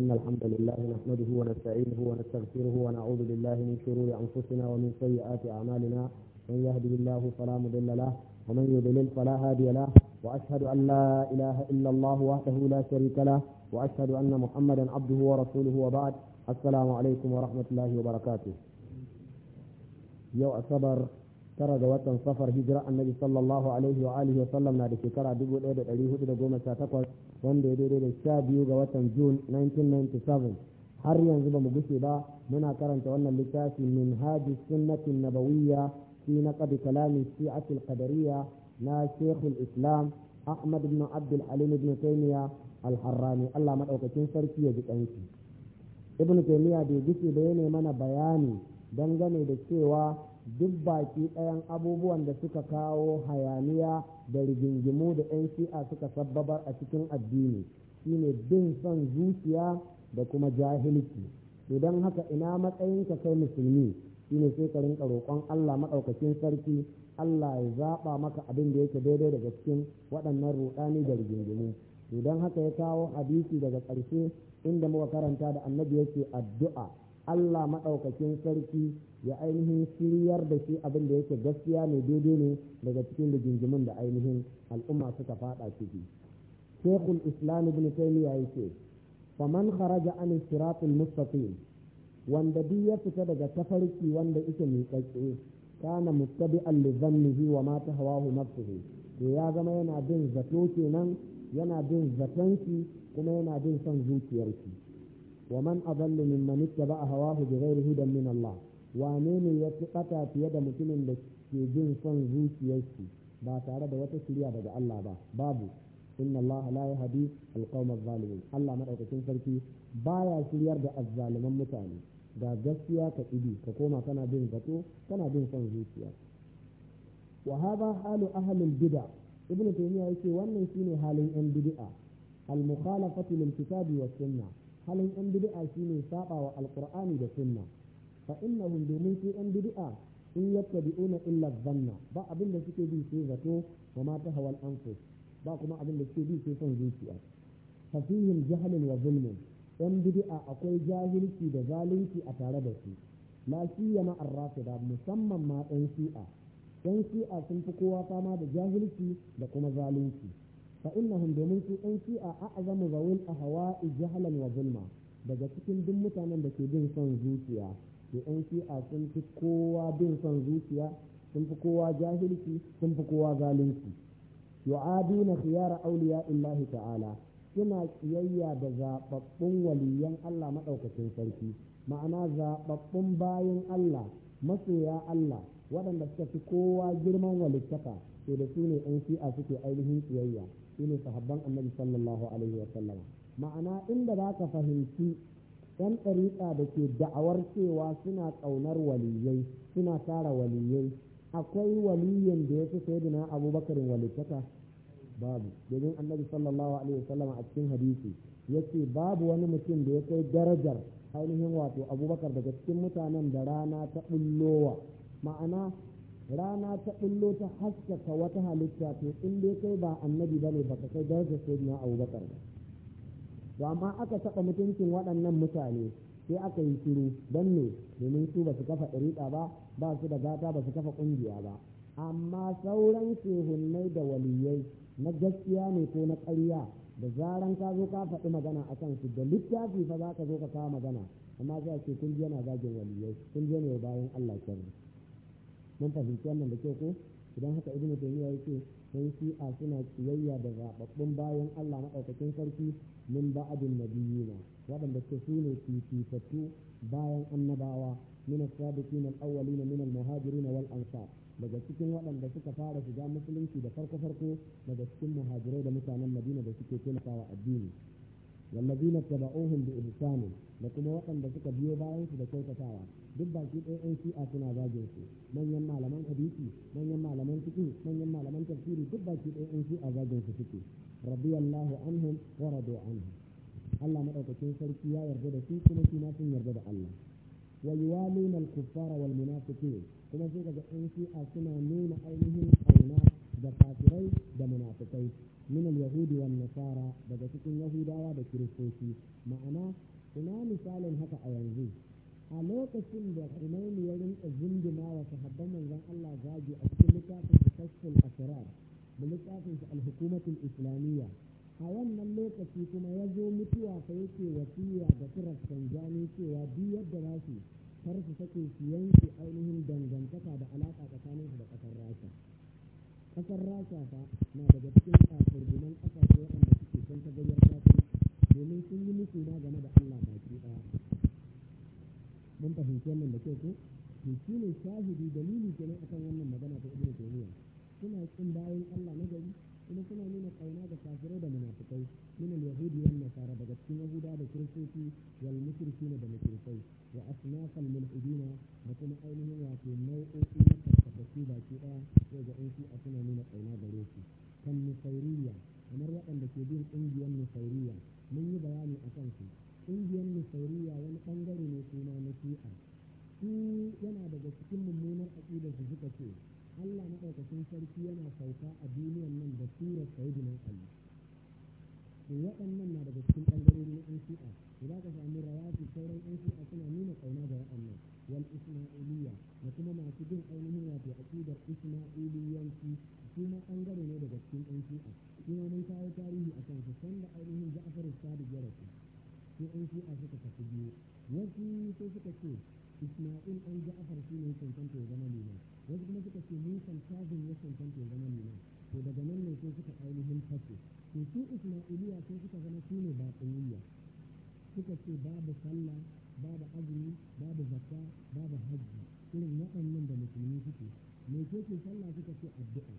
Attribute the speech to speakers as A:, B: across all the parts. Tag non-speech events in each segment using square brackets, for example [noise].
A: إن الحمد لله نحمده ونستعينه ونستغفره ونعوذ بالله من شرور أنفسنا ومن سيئات أعمالنا من يهده الله فلا مضل له ومن يضلل فلا هادي له وأشهد أن لا إله إلا الله وحده لا شريك له وأشهد أن محمدا عبده ورسوله وبعد السلام عليكم ورحمة الله وبركاته يو أصبر tara ga watan safar hijira annabi sallallahu alaihi wa alihi wa sallam na da shekara 1418 wanda ya daidai da sha biyu ga watan june 1997 har yanzu ba mu gushe ba muna karanta wannan littafi min haji sunnatin nabawiyya fi naqd kalami shi'atul qadariyya na shekhul islam ahmad ibn abdul halim ibn taymiya al-harrani Allah madaukakin sarki ya ji kanki ibn taymiya bai gushe ya yana mana bayani dangane da cewa duk baki ɗayan abubuwan da suka kawo hayaniya da rigingimu da 'yan shi'a suka sababar a cikin addini shine bin son zuciya da kuma jahilci to don haka ina matsayinka kai musulmi shine sai ka rinka roƙon Allah maɗaukacin sarki Allah ya zaɓa maka abin da yake daidai daga cikin waɗannan ruɗani da rigingimu to don haka ya kawo hadisi daga ƙarshe inda muka karanta da annabi yake addu'a Allah maɗaukakin sarki ya ainihin shiryar da shi abin da yake gaskiya ne daidai ne daga cikin rigingimin da ainihin al'umma suka faɗa ciki. Shekul Islam ibn ya ce faman kharaja an siratul mustaqim wanda duk ya fita daga tafarki wanda ita yake miƙaƙe kana muttabi'an li wa mata hawahu nafsuhu to ya zama yana bin zato kenan yana bin zatonki kuma yana bin son zuciyarki man a ومن أضل ممن اتبع هواه بغير هدى من الله fiye da mutumin da ke jin son zuciyarsu ba tare da wata shirya daga Allah ba babu inna Allah la yahdi alqawm adh-dhalimin Allah madaukakin sarki ya shiryar da azzaliman mutane da gaskiya ka ibi ka koma kana bin zato kana bin son zuciya wa hadha halu ahli bida ibnu taymiya ce wannan shine halin yan bid'a al-mukhalafatu lil kitabi was halin yan bid'a shine saba wa alqur'ani da sunna fa innahum domin su yan bid'a in yattabi'una illa dhanna ba abin da suke bi sai zato wa ma tahawal anfus ba kuma abin da suke bi sai son zuciya fa fihim jahlun wa zulmun yan bid'a akwai jahilci da zalunci a tare da su la siyama ar-rafida musamman ma ɗan shi'a ɗan shi'a sun fi kowa fama da jahilci da kuma zalunci fa innahum domin su ɗan shi'a a'zamu zawil ahwa'i jahlan wa zulma daga cikin duk mutanen da ke bin son zuciya to ɗan shi'a sun fi kowa bin son zuciya sun fi kowa jahilci sun fi kowa zalunci yu'aduna khiyara awliya illahi ta'ala suna kiyayya da zaɓaɓɓun waliyan Allah maɗaukacin sarki ma'ana zaɓaɓɓun bayan Allah masoya Allah waɗanda suka fi kowa girman walittaka to da su ne ɗan shi'a suke ainihin kiyayya shine sahabban annabi sallallahu alaihi wa sallama ma'ana inda za ka fahimci yan ɗariƙa da ke da'awar cewa suna ƙaunar waliyai suna tara waliyai akwai waliyan da ya fi sayyidina abubakarin walittaka babu domin annabi sallallahu alaihi sallama a cikin hadisi ya ce babu wani mutum da ya kai darajar ainihin wato abubakar daga cikin mutanen da rana ta bullowa ma'ana rana ta bullo ta haskaka wata halitta to in dai kai ba annabi ba ne ba ka kai darajar sayyidina Abubakar ba to amma aka taɓa mutuncin waɗannan mutane sai aka yi shiru don ne domin su ba su kafa ɗariƙa ba ba su da gata ba su kafa ƙungiya ba amma sauran shehunnai da waliyai na gaskiya ne ko na ƙarya da zaran ka zo ka faɗi magana a kan su da littafi fa za ka zo ka kawo magana amma sai a ce kun yana zagin waliyai kun ne bayan Allah kyau mun fahimci wannan da kyau ko idan haka ibn taymiya yake sai shi'a suna kiyayya da zababbun bayan Allah na maɗaukakin sarki min ba'adin nabiyina waɗanda su sune fifitattu bayan annabawa min as-sabiqina al-awwalina min al-muhajirin wal ansar daga cikin waɗanda suka fara shiga musulunci da farko farko daga cikin muhajirai da mutanen madina da suke taimakawa addini wallazina tabauhum bi ihsan da kuma waɗanda suka biyo bayan su da kyautatawa duk baki ɗaya ɗan shi'a suna zage su manyan malaman hadisi manyan malaman fiqh manyan malaman tafsiri duk baki ɗaya an shi'a zagin su suke radiyallahu anhum wa radu anhum Allah madaukakin sarki ya yarda da su kuma shi ma sun yarda da Allah wa yuwaluna al-kuffara wal munafiqin kuma sai kaga ɗan shi'a suna nuna ainihin aina da kafirai da munafikai min al-yahudi wan nasara daga cikin yahudawa da kiristoci ma'ana ina misalin haka a yanzu a lokacin da Hunayn ya rinka zindima wa sahabban manzon Allah zagi a cikin littafin Kashful Asrar da littafin Al-Hukumatul Islamiyya a wannan lokaci kuma ya zo mutuwa sai yake wasiya da Firas sanjani cewa duk yadda ba su kar su sake su yanke ainihin dangantaka da alaƙa tsakanin su da ƙasar Rasha. Ƙasar Rasha fa na daga cikin kafirgunan ƙasashe waɗanda suke son ta gayyar domin sun yi musu na game da Allah baki ɗaya. mun fahimci wannan da kyau ko to shi ne shahidi dalili kenan akan wannan magana ta ibnu taymiya suna kin bayan Allah na gari kuma suna nuna kauna ga kafirai da munafikai min al-yahudi wal nasara daga cikin yahuda da kiristoci wal mushrikin da mushrikai wa asnaf al-mulhidina da kuma ainihin wato nau'o'i na karkatasu baki daya sai ga in a suna nuna kauna gare rufi. kan nusairiya kamar waɗanda ke bin ƙungiyar nusairiya mun yi bayani a kansu ƙungiyar nusauriya wani ɓangare ne suna na shi'a su yana daga cikin mummunar aƙida su suka ce Allah maɗaukacin sarki yana sauka a duniyar nan da surar na Ali to waɗannan na daga cikin na ƴan shi'a to za ka sami su sauran ƴan shi'a suna nuna ƙauna ga waɗannan wal isma'iliya da kuma masu bin ainihin wato aƙidar isma'iliyanci su ma ɓangare ne daga cikin ƴan shi'a kuma mun kawo tarihi a kansu sanda ainihin a fara ya rasu sai shi shi'a suka tafi biyu wasu sai suka ce isma'il ɗan ja'afar shi ne cancanta ya zama liman wasu kuma suka ce musan tazin ya cancanta ya zama liman to daga nan ne sai suka ainihin fashe to su isma'iliya sai suka zama su ne baƙiniya suka ce babu sallah babu azumi babu zakka babu hajji irin waɗannan da musulmi suke mai ke sallah suka ce addu'a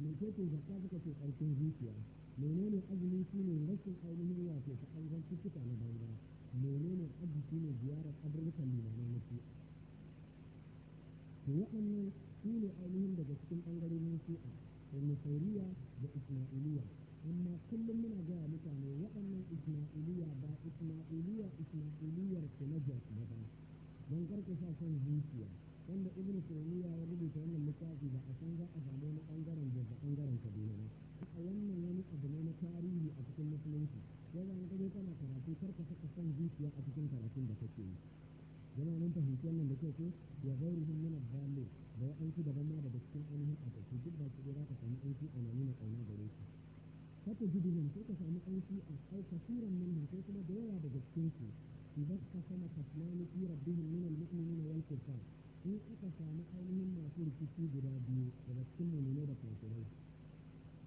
A: mai ke zakka suka ce ƙarfin zuciya menene azumi shine rashin ainihin wato ta ainihin cikita na banza menene azumi ne ziyarar kabarurkan limamai na shi'a to waɗannan su ne ainihin daga cikin ɓangarorin shi'a a nusairiya da ismailiya amma kullum muna gaya mutane waɗannan ismailiya ba ismailiya ismailiyar su na jos ba ba don karkasa son zuciya wanda ibn taymiya ya rubuta wannan littafi ba a san za a samu wani ɓangaren da ɓangaren kaduna ba a wannan wani cikin musulunci ya zama kaje kana karatu kar ka saka san zuciya a cikin karatun da kake yi yana mun fahimci wannan da ke ko ya gairi hin nuna balo da ya aiki daban ma daga cikin ainihin a tafi duk ba su za ka samu aiki a na nuna ƙauna gare shi kata jidilin ko ka samu aiki a aika suran nan ko kuma da yawa daga cikin su idan ka sama kasmani fi rabbihim min al wal kuffar in aka samu ainihin masu rikici guda biyu daga cikin mu'minai da kafirai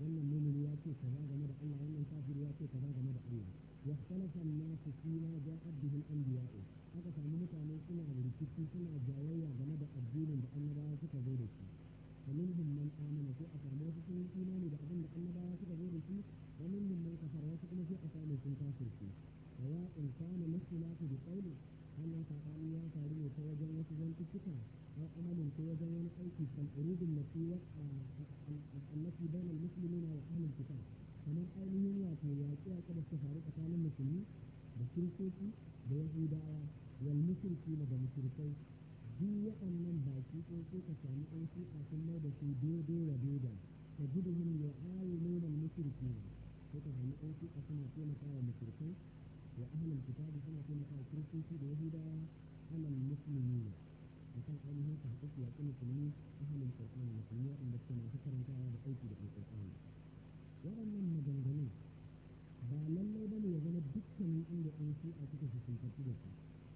A: wannan mumin ya ce kaza game da Allah wannan kafir ya ce kaza game da Allah wa khalaqa an-nas fiha ja'adhum anbiya'u aka sami mutane suna da rikici suna jayayya game da addinin da annabawa suka zo da shi kamar din man amana ko aka samu wasu sun imani da abin da annabawa suka zo da shi wannan din man kafara wasu kuma sai a samu sun kafir shi wa ya insanu nafsi la tu bi qawli hal ya ta'ala ya faru ta wajen wasu zantukuka وعمل كوزا أيكي فالعروض التي التي بين المسلمين وأهل الكتاب kamar ainihin wato yaƙi a kada su faru tsakanin musulmi da kiristoci da yahudawa wal musulki da musulkai duk waɗannan baki ko ko ka sami ɗan su a sun mai da su daidai da daidai ka gudu hun ya ayi nuna musulki ko ka sami a suna suna da yahudawa alal musulmi akan ainihin ta haƙiƙi yaƙi musulmi ahalin ƙur'ani musulmi waɗanda suke masu karanta da aiki da alƙur'ani waɗannan maganganu ba lallai ba ne ya zama dukkanin inda an shi a suka fuskanci da su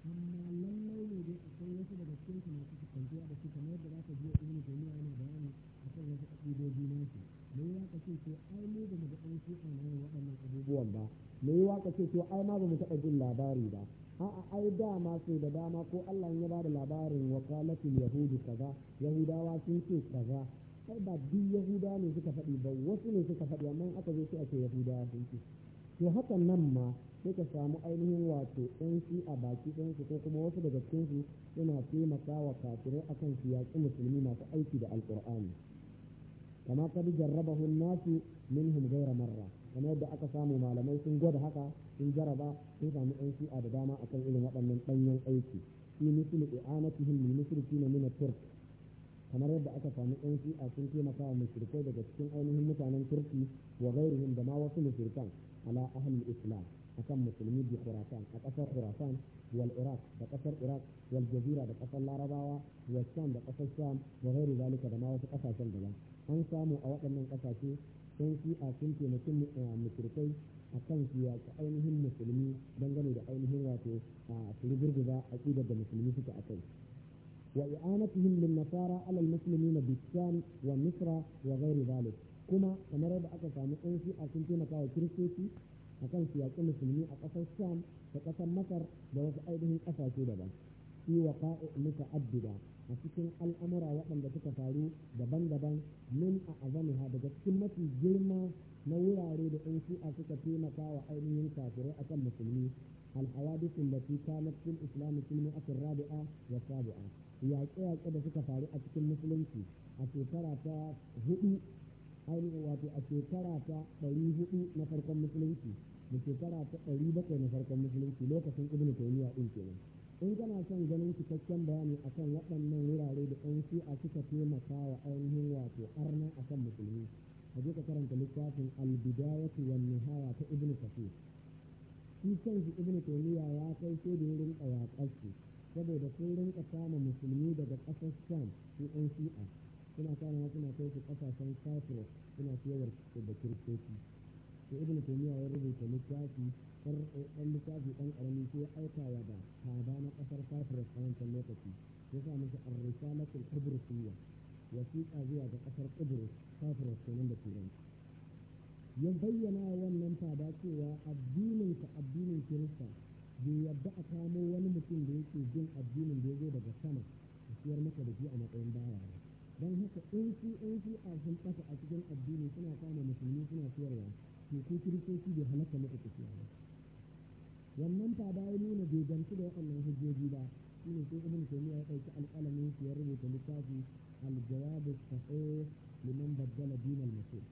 A: amma lallai ne dai akwai wasu daga cikin su masu fuskantuwa da su kamar yadda za ka ji ibnu taymiya yana bayani akan wasu aqidoji nasu me ya ka ce ko ai mu da mu ga an shi a waɗannan abubuwan ba me ya ka ce ko ai ma ba mu taɓa jin labari ba a'a ai dama so da dama ko Allah ya ba da labarin wakalatul yahudu kaza yahudawa sun ce kaza sai ba duk yahuda ne suka faɗi ba wasu ne suka faɗi amma aka zo sai a ce yahuda sun ce to hakan nan ma sai ka samu ainihin wato ɗan shi a baki ɗan su ko kuma wasu daga cikin su yana taimaka wa kafirai akan su yaƙi musulmi masu aiki da alƙur'ani kama bi jarrabahu nasu minhum ghayra marra kamar yadda aka samu malamai sun gwada haka sun jaraba sun samu yan shi'a da dama akan irin waɗannan ɗanyen aiki fi misli i'anatihim lil mushrikina min turk kamar yadda aka samu yan shi'a sun taimaka wa mushrikai daga cikin ainihin mutanen turki wa da ma wasu mushrikan ala ahli islam akan musulmi bi khurasan a ƙasar khurasan wal iraq da ƙasar iraq wal jazira da ƙasar larabawa wa sham da ƙasar sham wa gairu zalika da ma wasu ƙasashen daban an samu a waɗannan ƙasashe sun fi a sun a musulmai a kan fiye ainihin musulmi dangane da ainihin wato a turbirgu za a ƙi daga musulmi suka a kai wa i'anatihim lin nasara ala musulmi na bi wa misra wa ghairi zalik kuma kamar yadda aka sami ɗan shi a sun taimaka wa kiristoci a kan musulmi a ƙasar shan da ƙasar masar da wasu ainihin ƙasashe daban shi wa ƙa'i muta'addida a cikin al'amura waɗanda suka faru daban-daban min a ha daga cikin mafi girma na wurare da yan shi'a suka taimaka wa ainihin kafirai akan musulmi fi التي cikin islamu cikin في rabi'a ya والسابعة yaƙe-yaƙe da suka faru a cikin musulunci a shekara ta hudu ainihin wato a shekara ta ɗari hudu na farkon musulunci da shekara ta ɗari bakwai na farkon musulunci lokacin ibnu taimiyya ɗin kenan in kana son ganin cikakken bayani a kan waɗannan wurare da ɗan shi'a suka taimaka wa ainihin wato arna a kan musulmi a je ka karanta littafin albidayatu wan nihaya ta ibnu kafir shi kanshi ibnu taimiya ya kai sai da wurin yaƙarsu saboda sun rinka samun musulmi daga ƙasar sham su ɗan shi'a suna kama suna kai su ƙasashen cyprus suna siyarwar da kiristoci to ibnu taimiya ya rubuta littafi ɗan littafi ɗan ƙarami sai ya aikawa da tada na ƙasar Cyprus a wancan lokaci ya sa musu arrisalatul qibrusiyya wasiƙa zuwa ga ƙasar Qibrus Cyprus kenan da turanci ya bayyana wannan fada cewa addinin ka addinin Kirista bai yadda a kamo wani mutum da yake jin addinin da ya zo daga sama a siyar maka da shi a matsayin baya don haka in su in su a sun ɓata a cikin addini suna kama musulmi suna siyarwa to ko kiristoci bai halatta maka ku wannan ta da ya nuna bai gamsu da waɗannan hujjoji ba shi ne sai ibn taymiya ya ɗauki alƙalamin shi ya rubuta littafi al-jawab as-sahih liman baddala din al-masih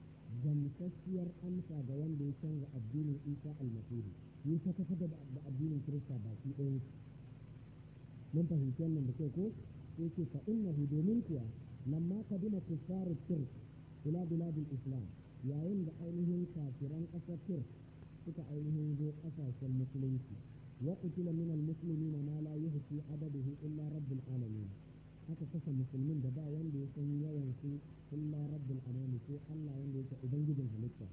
A: gamsasshiyar amsa ga wanda ya canza addinin isa al-masih ya ta kafa da addinin kirista baki ɗaya mun fahimci wannan da kyau ko sai ce fa innahu domin kuwa lamma kadima kuffar turk ila biladil islam yayin da ainihin kafiran ƙasar turk suka ainihin zo ƙasashen musulunci wa qutila min al-muslimina ma la yuhsi adaduhu illa rabbul alamin aka kasa musulmin da ba wanda ya san yawan su illa rabbul alamin ko Allah wanda yake ubangijin halitta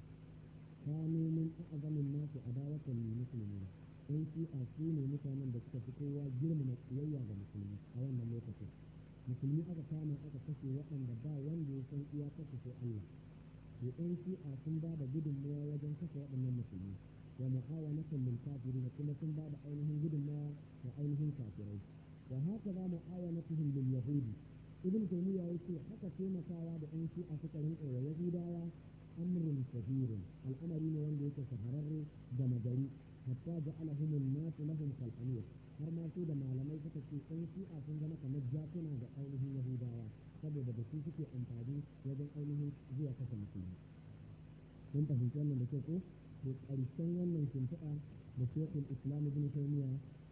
A: ne min a'zamin nasu adawatan lil muslimin in shi a su ne mutanen da suka fi kowa girmama tsiyayya ga musulmi a wannan lokacin musulmi aka kama aka kashe waɗanda ba wanda ya san ya su sai Allah to a shi'a sun ba da gudunmawa wajen kashe waɗannan musulmi wa mu'awanatin lil da kuma sun ba da ainihin gudunmawa da ainihin kafirai wa haka za mu'awanatuhum lil yahudi ya yi ce haka taimakawa da ɗan shi'a suka rinƙa wa yahudawa amrun kabirin al'amari ne wanda yake shahararre da magari hatta ja'alahum na nas lahum kalqaniyah har ma su da malamai suka ce ɗan shi'a sun zama kamar jakuna da ainihin yahudawa saboda da su suke amfani wajen ainihin zuwa kasa musulmi mun fahimci wannan da kyau ko to ƙarshen wannan shimfiɗa da shekul islam ibn taymiya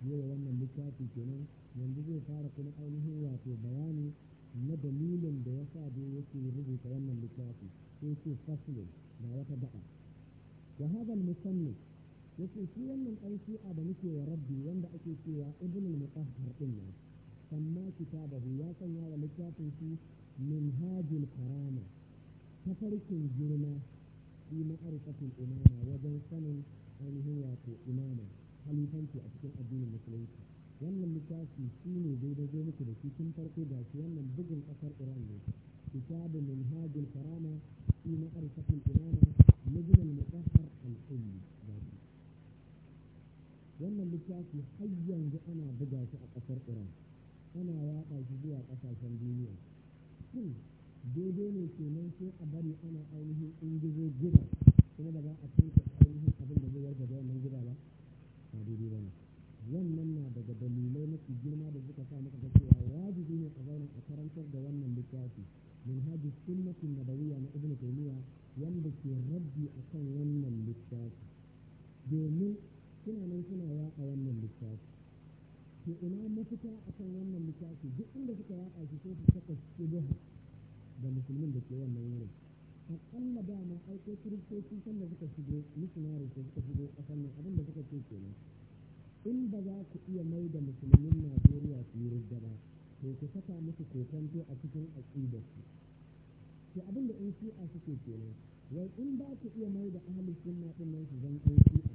A: yawa wannan littafi kenan yanzu zai fara kuma ainihin wato bayani na dalilin da ya sa da yake rubuta wannan littafi sai ce fasle da wata da'a wa hadha al-musannif yace shi wannan aiki a da muke wa rabbi wanda ake cewa ibn al-mutahhar din nan samma kitabahu ya sanya wa littafin shi minhajul karama tafarkin girma fi ma'arifatul imama wajen sanin ainihin wato imama halifanci a cikin addinin musulunci wannan littafi shi ne daidai zo muku da shi tun farko da shi wannan bugun kasar iran ne kitabu minhajul karama fi ma'arifatul imama najmul mutahhar al-ummi wannan littafi har yanzu ana buga shi a ƙasar iran ana yaɗa shi zuwa ƙasashen duniya shin hmm, daidai ne kenan sai a bari ana ainihin ingizo gida kuma da za a tunke ainihin abin da zai warga da wannan gida ba ba daidai ba ne wannan na daga dalilai mafi girma da suka sa muka ga cewa wajibi ne a zauna a karantar da wannan littafi منهاج da wuya na ibn تيمية wanda ke rabbi a kan wannan littafi domin suna nan suna yaƙa wannan littafi to ina mafita kan wannan littafi duk inda suka yaɗa shi sai su saka shubha da musulmin da ke wannan wurin aƙalla ba ma aiko kiristoci da suka shigo missionary ko suka shigo ƙasar nan abin da suka ce nan in ba za ku iya mai da musulmin najeriya su yi ba to ku saka musu kokonto a cikin aƙidarsu to abin da in shi'a suke kenan wai in ba ku iya mai da ahalin sunna ɗin nan su zan ɗauki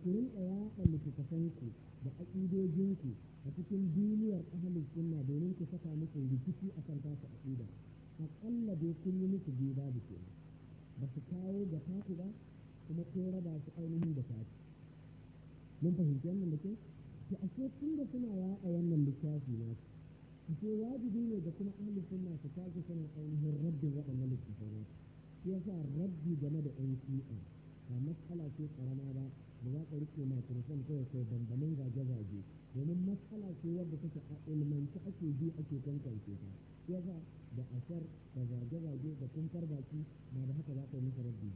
A: kurin tsaya a littattafanku da aƙidojinku a cikin duniyar ahalin sunna domin ku saka musu rikici a kan tasu aƙida aƙalla dai kun yi musu biyu babu ke ba su kawo da taku ba kuma ko raba su ainihin da taku mun fahimci wannan da ke ta ashe tun da suna yaƙa wannan littafi na su ashe wajibi ne da kuma ahalin sunna su tashi suna ainihin rabbin waɗannan littattafai na su shi yasa rabbi game da ƴan shi'a ba matsala ce ƙarama ba da za ka rike microphone kawai kai bambamin zage-zage domin matsala ce wadda take a ilmanci ake bi ake kankance ta ya za da asar da zage-zage da kunkar baki na da haka za ka yi masa rabbi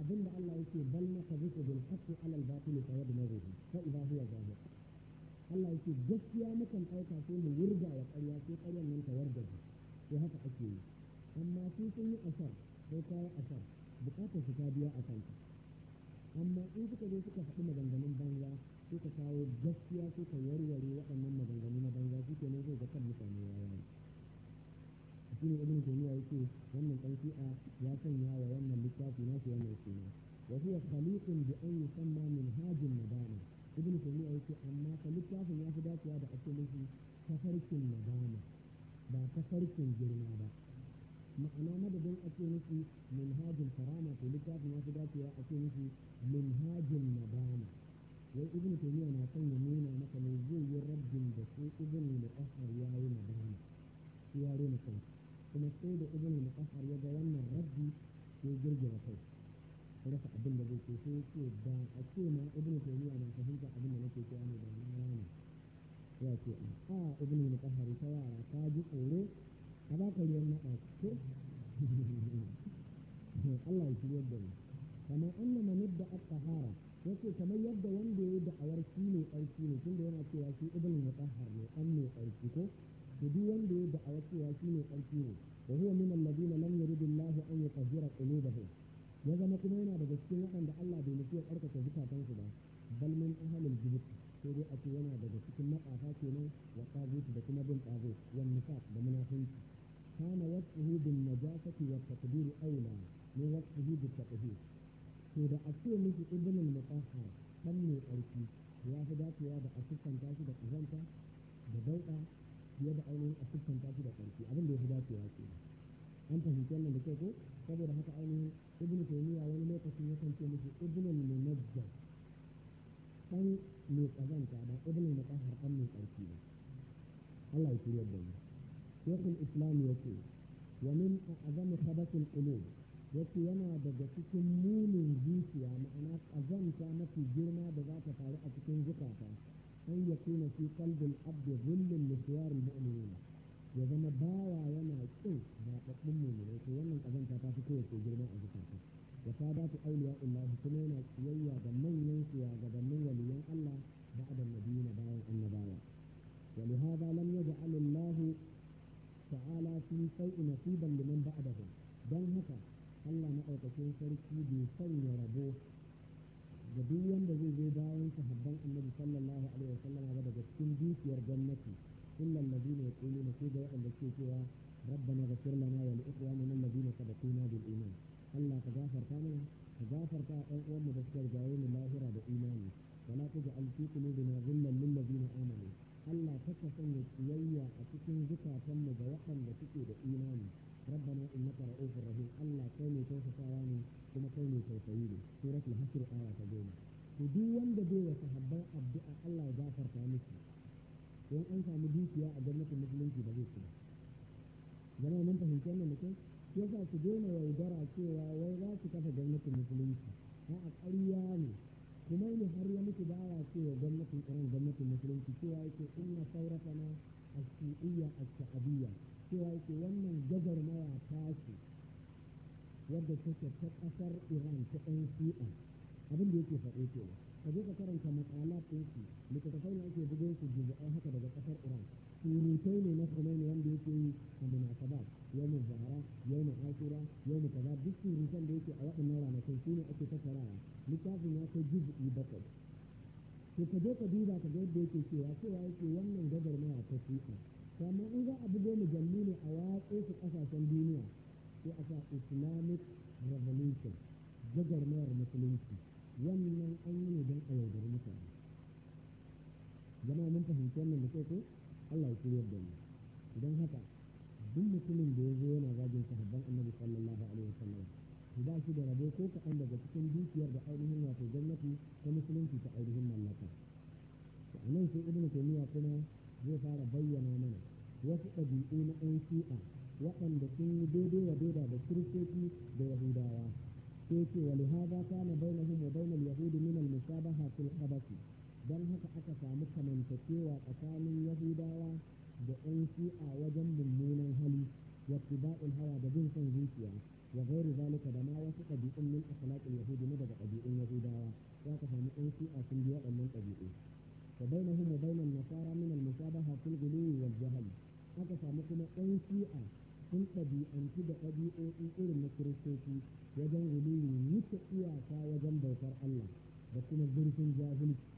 A: abin da Allah yake bal na ka zuka bil haqqi ala al batil fa yadmaru fa idha huwa zahir Allah yake gaskiya mukan ɗauka sai mu wurga wa ƙarya sai ƙaryar nan ta wargaje sai haka ake yi amma sun sun yi asar sai kaya asar bukatar su ta biya a kanka amma in suka zo suka faɗi maganganun banza sai ka kawo gaskiya sai ka warware waɗannan maganganu na banza su ke zai ga kan mutane ya yayi a cikin ibn taymiya yake wannan ɗan shi'a ya sanya wa wannan littafi na shi wannan suna wa huwa khaliqun bi an yusamma hajin madana ibn taymiya yake amma ka littafin ya fi dacewa da ake nufi kafarkin madana ba kafarkin girma ba ma'ana madadin a ce min minhajin karama to littafin ya fi dacewa a ce musu minhajin nadama wai ibn taymiya na son ya nuna maka ne zai yi rabbin da su ibn al-qasar ya yi nadama su ya rena kai kuma sai da ibn al-qasar ya ga wannan rabbi sai girgira kai rasa abin da zai ce sai ce da a ce ma ibn taymiya na fahimta abin da nake cewa ne da na ne ya ce a ibn al-qasar ta yara ta ji tsoro a za ka yi ruwan na ko Allah ya shirya da mu kamar anna manid da at-tahara yace kamar yadda wanda ya yi da'awar shi ne tsarki ne tun da yana cewa shi ibnu mutahhar ne an ne tsarki ko to duk wanda ya yi da'awar cewa shi ne tsarki ne wa huwa min alladhina lam yuridu Allah an yutahhira qulubahum ya zama kuma yana daga cikin waɗanda Allah bai nufi ya karkace zukatansu ba bal min ahlil jibt Ko dai a ce yana daga cikin matsafa kenan wa qabut da kuma bin qabut wan nifaq da munafinci كان وصفه بالنجاسة والتقدير أولى من وصفه بالتقدير to da a ce miki ibn al-mutahhar dan mai tsarki ya fi dacewa da asifan tashi da kazanta da dauda fiye da ainihin asifan tashi da tsarki abin da ya fi dacewa ke an fahimci wannan da kyau ko saboda haka ainihin ibn taymiya wani lokaci ya kance miki ibn al-munajjah dan mai kazanta dan ibn al-mutahhar ne Allah ya kiyar da mu شيخ الإسلام يقول ومن أعظم خبث القلوب yake yana daga cikin munin zuciya ma'ana ƙazanta mafi girma da za ta faru a cikin zukata an ya kuna fi kalbin abdu zullun musuwarin mu'minin ya zama bawa yana ƙin zaɓaɓɓun mu'minai to wannan ƙazanta ta fi kowace girma a zukata ya fada ta auliya illah kuma yana tsiyayya da manyan shugabannin waliyan Allah da adam nabiyina bayan annabawa ولهذا لم يجعل الله ta'ala fi sau'i nasiban liman ba'dahum dan haka Allah na maɗaukacin sarki bai sanya rabo da duk wanda zai zo bayan sahabban annabi sallallahu alaihi wasallam ba daga cikin dukiyar gwamnati illa alladhina yaquluna sai da wanda ke cewa rabbana ghfir lana wa liikhwanina alladhina sabaquna bil iman Allah ka gafarta mana ka gafarta ɗan uwan mu da suka rigaye mu lahira da imani wala tuj'al fi qulubina ghillan lil ladina amanu Allah ta kasance kiyayya a cikin zukatanmu ga waɗanda suke da imani ربنا انك رؤوف رحيم الله كوني توفى ثواني كما كوني توفى يلي سورة الحشر آية تقول ودي وند بي وصحبا أبدأ الله يغفر تامسي وان أنسى مديك يا أجنة المسلمين في بغيك جماعة من فهمت أنا لك يسا تدين ويدرع كي ويغاتي كفى جنة المسلمين ها أقرياني kuma ne har ya mutu baya wa gwamnatin iran gwamnatin musulunci cewa yake inna sauratana as-shi'iyya a shaabiyya cewa yake wannan mawa ta ce wadda take ta kasar iran ta ɗan shi'a abin da yake faɗe ke ka je ka karanta matsala ɗinsu littattafai ne ake bugun su jizu'ai haka daga ƙasar iran surutai ne na kuma ne wanda yake yi a munasabat yawmin zara yawmin asura yawmin kaza duk surutan da yake a waɗannan ranakun su ne ake tattarawa littafin ya kai juz'i bakwai to ka je ka duba ka ga yadda yake cewa cewa yake wannan gagarmaya ta tuka kamar in za a bugo mujallu ne a watsa su ƙasashen duniya sai a sa islamic revolution gagarmayar musulunci wannan an yi don a yaudar mutane zama mun fahimci wannan da kai ko Allah ya shirya da mu idan haka duk mutumin da ya zo yana zagin sahabban annabi sallallahu alaihi wasallam ba shi da rabo ko kaɗan daga cikin dukiyar da ainihin wato gwamnati ta musulunci ta ainihin mallaka to a nan sai ibnu taymiya kuma zai fara bayyana mana wasu ɗabi'u na ɗan shi'a waɗanda sun yi daidai wa daida da kiristoci da yahudawa sai ce wa lihada kana bainahum wa bainal yahudi min al musabaha fil khabasi dan haka aka samu kamantakewa tsakanin yahudawa da yan shi'a wajen mummunan hali wa tiba'ul hawa da bin son zuciya wa gairu zalika da ma wasu ɗabi'un min akhlaqil yahudi na daga ɗabi'un yahudawa ya ka samu yan shi'a sun biya waɗannan ɗabi'u wa bainahum wa bainal nasara min al musabaha fil ghuluwi wal jahl aka samu kuma ɗan shi'a sun ɗabi'antu da ɗabi'o'i irin na kiristoci wajen ghuluwi wuce iyaka wajen bautar Allah da kuma zurfin jahilci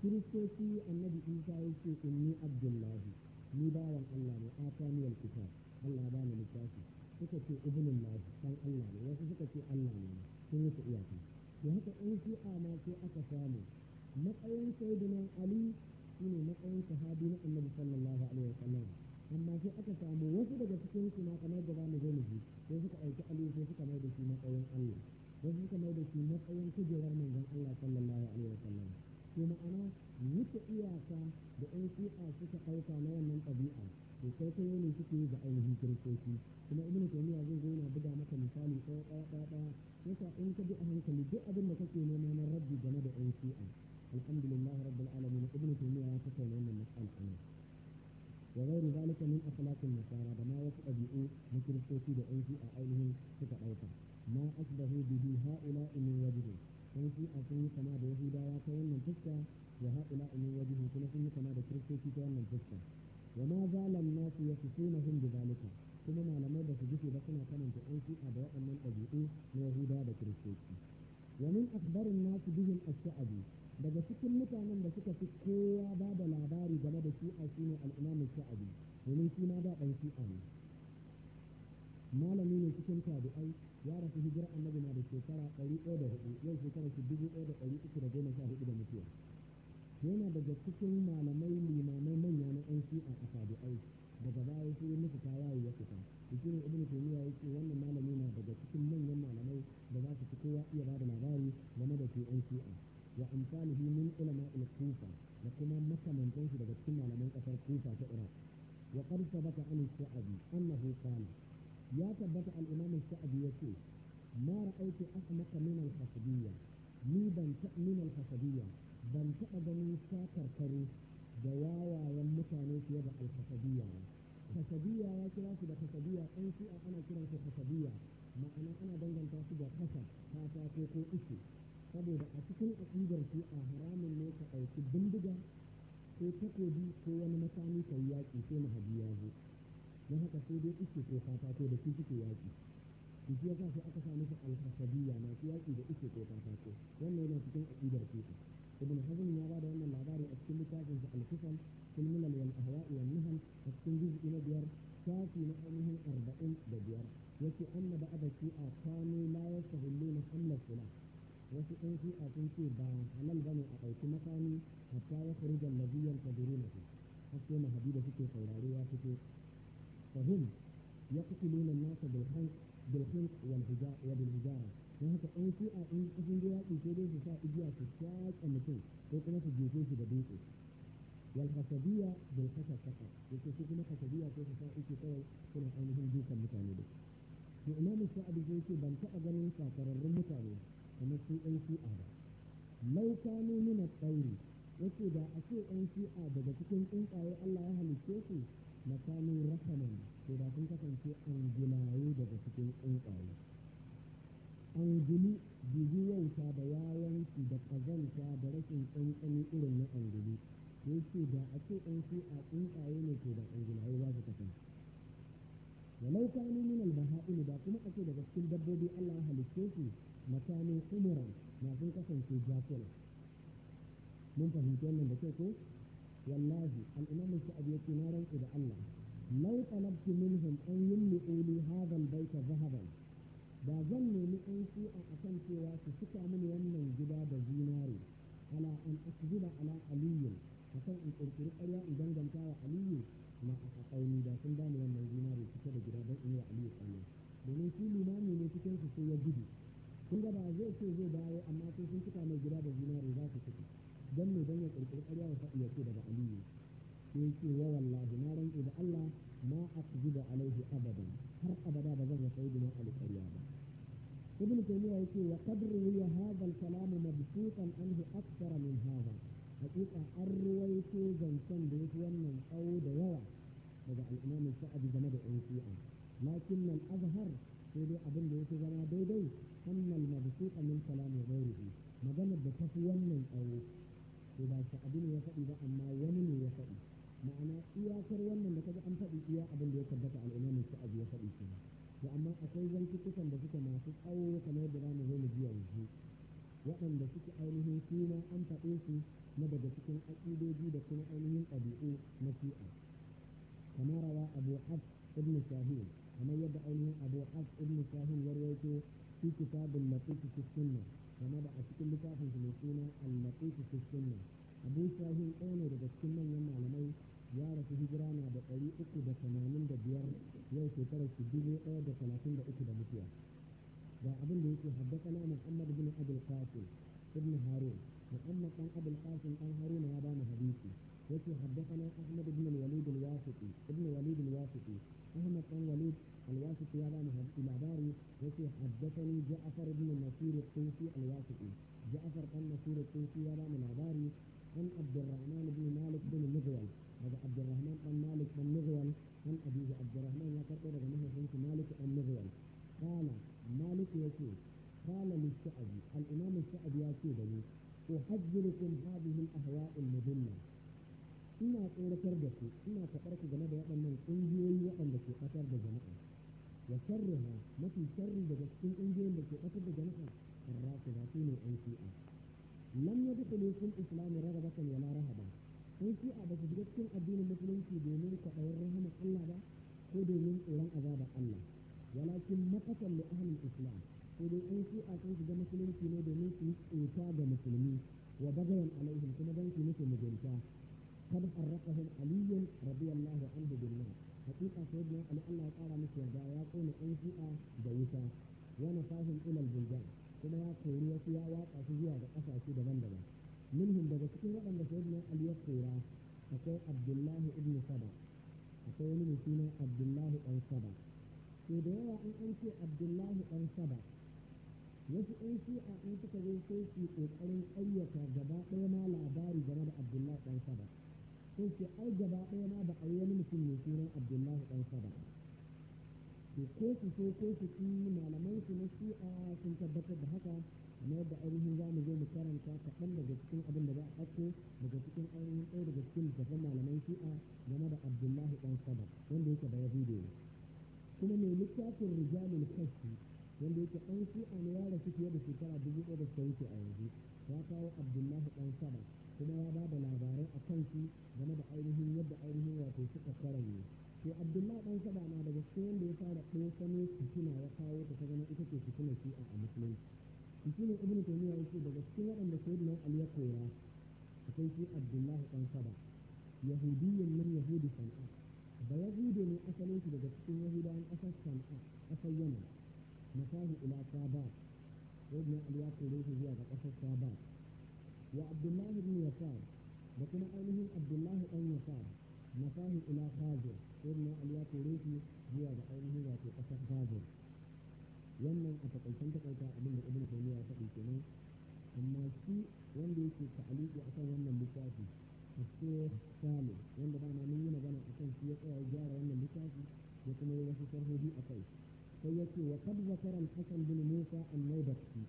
A: kiristoci annabi isa ya ce inni abdullahi ni bawan allah ne a wal kitab allah ba ni littafi suka ce ibnun lahi san allah ne wasu suka ce allah ne sun yi su iyaka da haka an shi'a ma sai aka samu matsayin sayyidina ali shine matsayin sahabi na annabi sallallahu alaihi wa sallam, amma sai aka samu wasu daga cikin su na kamar da zamu zo mu ji sai suka aiki ali sai suka mai da shi matsayin allah wasu suka mai da shi matsayin kujerar manzon allah sallallahu alaihi wa sallam. to ma'ana wuce iyaka da yan shi'a suka ɗauka na wannan ɗabi'a to sai kai ne suke da ainihin kiristoci kuma ibnu taymiya zai zo yana buga maka misali ɗaya ɗaya ɗaya ɗaya yasa in ka bi a hankali duk abin da kake nema na rabbi game da yan shi'a alhamdulillah rabbil alamin ibnu taymiya ya kasa wannan mas'ala ne وغير ذلك من أخلاق النصارى بما يفقد بيئو مكرسوسي بأنسي أعينهم تتعوتا ما أشبه به هؤلاء من وجهه in shi a sun yi kama da yahudawa ta wannan fuska wa haɗula in wajihu kuma sun yi kama da kiristoci ta wannan fuska wa ma zalam nasu ya fito na hun bizalika kuma malamai ba su jike ba suna kananta yan shi'a da waɗannan ɗabi'u na yahudawa da kiristoci wa min akbarin nasu bihin ash'abi daga cikin mutanen da suka fi kowa ba da labari game da a shine al-imam sha'abi domin shi ma da ɗan shi'a ne malami ne cikin tabi'ai ya rasu hijira annabi na da shekara ɗari ɗaya da hudu yau shekara shi dubu ɗaya da ɗari uku da goma sha hudu da mutuwa yana daga cikin malamai limamai manya na ɗan shi'a a tabi'ai daga baya sai musu tawaye ya fita shi ne ibnu ya wannan malami na daga cikin manyan malamai da za su fi kowa iya bada labari game da su ɗan shi'a wa amsalihi min ulama al-kufa da kuma makamantan shi daga cikin malaman kasar kufa ta iraq wa qad sabata an al-sha'abi annahu qala ya tabbata al Sa'ad sha'abi ce, ma ra'aytu ahmaqa min al-hasabiyya ni ban ta min al-hasabiyya ban taɓa ganin sakarkaru da wawayen mutane fiye da al-hasabiyya hasabiyya ya kira su da hasabiyya ɗan shi ana kiran su ma'ana ana danganta su da kasa kata ko ko saboda a cikin aƙidar su a haramun ne ka ɗauki bindiga ko takobi ko wani makami kai yaƙi sai mahadi ya zo don haka sai dai iske ko ko da shi suke yaƙi shi ya sa sai aka sa musu alhasabiya masu yaƙi da iske ko ko wannan yana cikin aƙidar kuka ibn hazm ya ba da wannan labari a cikin littafin sa al-kufal wal ahwa'i wal nahal a cikin juz'i na biyar shafi na ainihin arba'in da biyar yake anna da ada a kano la na hamlar suna. wasu ɗan shi'a sun ce ba halal bane a ɗauki makami hatta ya furujan nabiyan na su haske mahadi da suke saurare ya fito فهم يقتلون الناس بالحنق بالحنق وبالحجارة don haka an fi in kasan ruwa ke sai dai su sa igiya su shaƙa mutum ko shi da dutse wal hasabiya bil hasasaka yake su kuma ko su sa ike kawai suna ainihin dukan mutane da to imamu sa'adu zai ce ban taɓa ganin sakararrun mutane kamar su ɗan shi'a ba lau kanu nuna tsauri da a ce ɗan shi'a daga cikin tsuntsaye Allah ya halicce su Makanin kanu ko to da sun kasance an gilaye daga cikin tsuntsaye an gili bigiyanta da yayansu da ƙazanta da rashin tsantsani irin na an gili ya ce da a ce an a tsuntsaye ne to da an gilaye za su kasance walau kanu min albaha'in da kuma a ce daga cikin dabbobi Allah ya halicce su makanin umaran masu kasance jakuna mun fahimci wannan da kyau ko wallahi al-imam ya yake na rantsu da Allah law talabtu minhum an yumli'u li hadha dhahaban da zan nemi ɗan su a kan cewa su cika mini wannan gida da zinare ala an asjuda ala a akan in kirkiri ƙarya in danganta wa aliyu na a kaƙauni da sun bani wannan zinare cike da gida don in yi wa aliyu domin su limami ne cikin su sai ya gudu kun ga ba zai ce zai dawo amma sun cika mai gida da zinare za su fita dan ne dan ya kirkiri ƙarya ya faɗi ya ce daga aliyu sai ya ce ya wallahi na rantsi da Allah ma akzibu alaihi abadan har abada ba zan ya sayyidina ali ƙarya ba ابن تيمية يقول وقد روي هذا الكلام مبسوطا عنه أكثر من هذا حقيقة الرويت زنسان بيت ومن أو دواء هذا الإمام الشعبي جمد أنسيئا لكن الأظهر في دي أبن بيت زنا دي دي أن المبسوط من كلام غيره ما جمد بتفي ومن أو to ba shi abu ne ya faɗi ba amma wani ne ya faɗi ma'ana iyakar wannan da kaga an faɗi iya abin da ya tabbata al'umma su abu ya faɗi kenan to amma akwai zantukukan da suke masu tsawo kamar da mu zo mu ji yanzu waɗanda suke ainihin ma an faɗe su na daga cikin aƙidoji da kuma ainihin ɗabi'u na shi'a kamar rawa abu hafs ibn shahin kamar yadda ainihin abu hafs ibn shahin yarwaito fi kitabin latif fi sunnah game da a cikin littafin su mai suna al laqisu fi sunna abu shahin ɗaya ne daga cikin manyan malamai ya rasu hijira na da ɗari uku da tamanin da biyar yau shekarar su dubu ɗaya da talatin da uku da mutuwa ga abin da yake haddasa na muhammad bin abul qasim ibn harun muhammad ɗan abul qasim ɗan haruna ya bani hadisi yake haddasa na ahmad bin walid al-wasiqi ibn walid al ahmad ɗan walid الواسطي هذا مهد إلى داري وفي حدثني جعفر بن النصير الطوسي الواسطي جعفر بن النصير الطوسي هذا من داري عن عبد الرحمن بن مالك بن مغول هذا عبد الرحمن بن مالك بن مغول عن أبيه عبد الرحمن يقول رغم أنه مالك بن مغول قال مالك يقول قال للشعبي الإمام الشعبي يقول أحذركم هذه الأهواء المذمة ina tsoratar da ku ina faɗar ku game da waɗannan ƙungiyoyi waɗanda ke ƙasar da jama'a wa sharriha mafi sharri daga cikin ƙungiyoyin da ke ɓatar da jama'a arrafida su ne yan shi'a lam yadkhulu fil islam raghabatan wala rahaba yan shi'a ba su shiga cikin addinin musulunci domin kwaɗayin rahama Allah ba ko domin tsoron azabar Allah walakin mafatan li ahli islam ko dai yan shi'a sun shiga musulunci ne domin su yi tsota ga musulmi wa bagayan alaihim kuma don su musu mugunta kada harrafahum aliyun radiyallahu anhu billah hakika sai da ali Allah ya kara masa yarda ya kone ɗan shi'a da wuta wani fashin ilal buljan kuma ya kori wasu ya watsa su zuwa ga ƙasashe daban-daban minhum daga cikin waɗanda sai da ali ya kora akwai abdullahi ibn saba akwai wani mai suna abdullahi ɗan saba to da yawa an ce abdullahi ɗan saba wasu ɗan shi'a in suka zo sai su ƙoƙarin ƙayyata gaba ɗaya ma labari game da abdullahi ɗan saba sai ce ai gaba ɗaya ma ba a yi wani mutum mai sunan abdullahi ɗan saba to ko su so ko su ci malaman su na shi'a sun tabbatar da haka na yadda ainihin za mu zo mu karanta kaɗan daga cikin abin da za a ɗauko daga cikin ainihin ɗaya daga cikin littattafan malaman shi'a game da abdullahi ɗan saba wanda yake da yahudu ne kuma mai littafin rijalul kashi wanda yake ɗan shi'a ne ya rasu fiye da shekara dubu da ta a yanzu ya kawo abdullahi ɗan saba kuma ya ba da labarai a kan shi game da ainihin yadda ainihin wato suka ne. to abdullahi dan sada na daga cikin wanda ya fara ɗosano fitina ya kawo ta zama ita ce fitina shi a musulunci shi ne ibnu taymiya yake daga cikin waɗanda sayyidina ali ya koya akwai shi abdullahi dan saba yahudiyyan yahudi sana'a ba yahudi ne asalin shi daga cikin yahudawan ƙasar sana'a ƙasar yaman masahi ila saba sayyidina ali ya kore shi zuwa ga ƙasar saba وعبد الله بن يسار لكن قوله عبد الله بن يسار نفاه إلى خازر إن الله تريد هي بقوله ذات قصر خازر ومن اتقل takaicen takaita abin da ibn taymiya ya faɗi kenan amma shi wanda yake ta'aliki akan الشيخ سالم وين بدأنا من هنا بنا أكون في جارة ومن بكافي يكون لي وفي شرحه أكيد فيكي وقد ذكر الحسن بن موسى النوبكي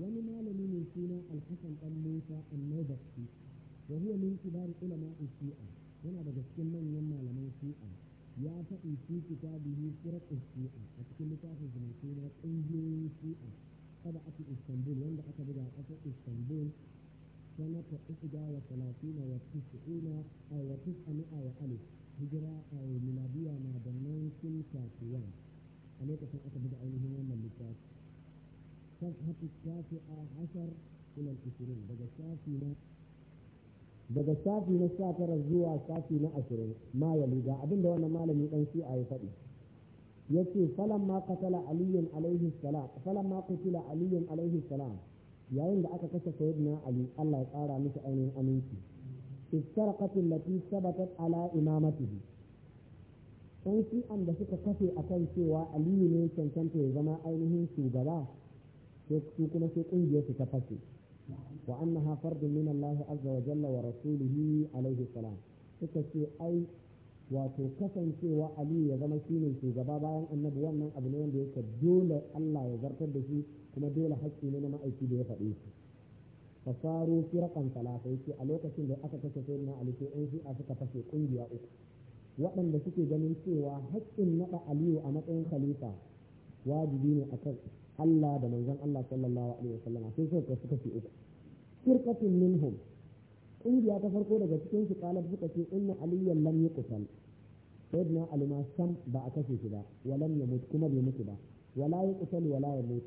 A: wani malami ne suna alhassan dan musa annabakti wa huwa min kibar ulama shi'a yana daga cikin manyan malaman shi'a ya faɗi fi kitabihi firat shi'a a cikin littafin zumunci na ƙungiyoyin shi'a kada aka istanbul wanda aka buga a ƙasar istanbul سنة إحدى وثلاثين وتسعين أو وتسعمائة وألف هجرة أو ميلادية ما بين 1931 أنا كنت أتبدأ أولهم من اللي daga safi na sha tara zuwa safi na asirin, ma ya liga abinda wannan malami dan shi a ya faɗi yace ce falan ma katala aliyun alaihi yayin da aka kashe sayyidina ali Allah ya tsara miki ainihin aminci istarqat allati sabatat ala imamatihi dan shi an da suka kafe akan cewa aliyu ne cancanta ya zama ainihin shugaba su kuma sai kungiyar su ta fashe wa annaha fardun min Allah azza wa jalla wa rasulihi alaihi salam suka ce ai wato kasancewa Ali ya zama shine shugaba bayan annabi wannan abu ne wanda yake dole Allah ya zartar da shi kuma dole hakki ne na ma'aiki da ya faɗe shi fasaru firqan talata yake a lokacin da aka kashe sayyidina Ali sai an shi suka fashe kungiya uku waɗanda suke ganin cewa haƙƙin naɗa Aliyu a matsayin khalifa wajibi ne a akan Allah da manzon Allah sallallahu alaihi wasallam sai suka fi uku firqatun minhum kungiya ta farko daga cikin su kalar suka ce inna aliyyan lam yuqtal sayyidina ali ma sam ba a kashe shi ba walam yamut kuma bai mutu ba wala yuqtal wala yamut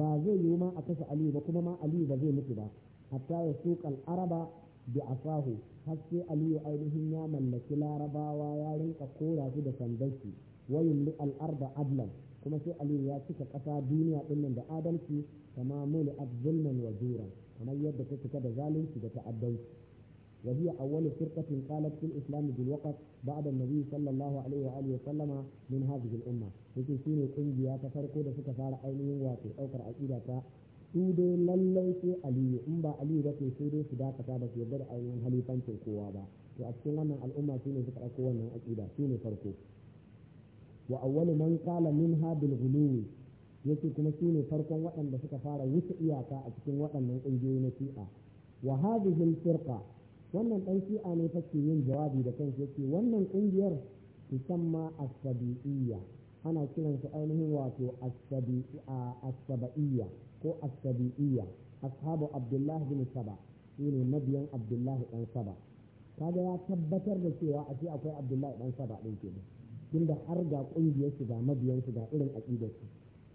A: ba zai yi ma a kashe aliyu ba kuma ma aliyu ba zai mutu ba hatta ya suƙal araba bi asahu haske aliyu ainihin ya mallaki larabawa ya rinka kora su da sandarsu wayun li al arda adlan kuma sai aliyu ya cika ƙasa duniya ɗinnan da adalci kama mulu zulman wa jura kamar yadda ta cika da zalunci da ta'addanci wa hiya awwalu firqatin qalat fil islam bil waqt ba'da an sallallahu alaihi wa alihi sallama min hadhihi al-umma yake shine kungiya ta farko da suka fara ainihin wato daukar aqida ta su dai lallai sai aliyu in ba aliyu ba sai dai su dakata ba su yarda da ainihin halifancin kowa ba to a cikin wannan al'umma shine suka ɗauko wannan aqida shine farko wa awwalu man qala minha bil ghuluwi yace kuma su ne farkon waɗanda suka fara wuce iyaka a cikin waɗannan ƙungiyoyi na shi'a wa hadhihi al wannan dan shi'a ne fa yin jawabi da kansa yace wannan ƙungiyar tusamma as-sabi'iyya ana su ainihin wato as ko as-sabi'iyya ashabu abdullahi bin saba su ne mabiyan abdullahi dan saba kaga ya tabbatar da cewa a ce akwai abdullahi dan saba din kenan da har ga ƙungiyar su ga mabiyan su ga irin aƙidar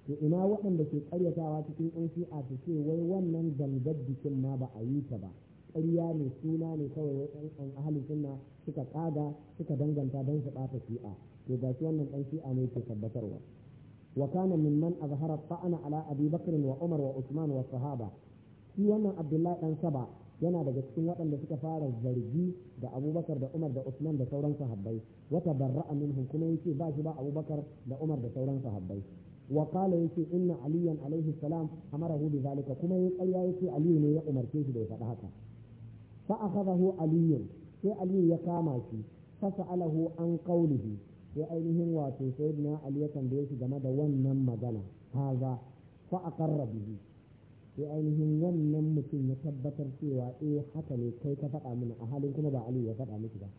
A: to ina waɗanda ke karyatawa cikin yan shi'a su ce wai wannan gangar jikin ma ba a yi ta ba ƙarya ne suna ne kawai yan ahalin sunna suka ƙaga suka danganta don su ɓata shi'a to ga shi wannan ɗan shi'a ne ke tabbatarwa wa kana man azhara fa'ana ala abi wa umar wa usman wa sahaba shi wannan abdullahi dan saba yana daga cikin waɗanda suka fara zargi da abubakar da umar da usman da sauran sahabbai wata barra'a minhum kuma yace ba shi ba abubakar da umar da sauran sahabbai wa qala yace inna aliyan alaihi salam amarahu bi zalika kuma yayi ƙarya yace aliyu ne ya umarce shi da ya faɗa haka fa akhadahu aliyun sai aliyu ya kama shi fa sa'alahu an qawlihi sai ainihin wato sayyidina ali ya tambaye shi game da wannan magana haza fa aqarra bihi sai ainihin wannan mutum ya tabbatar cewa eh haka ne kai ka faɗa mini a halin kuma ba Ali ya faɗa miki ba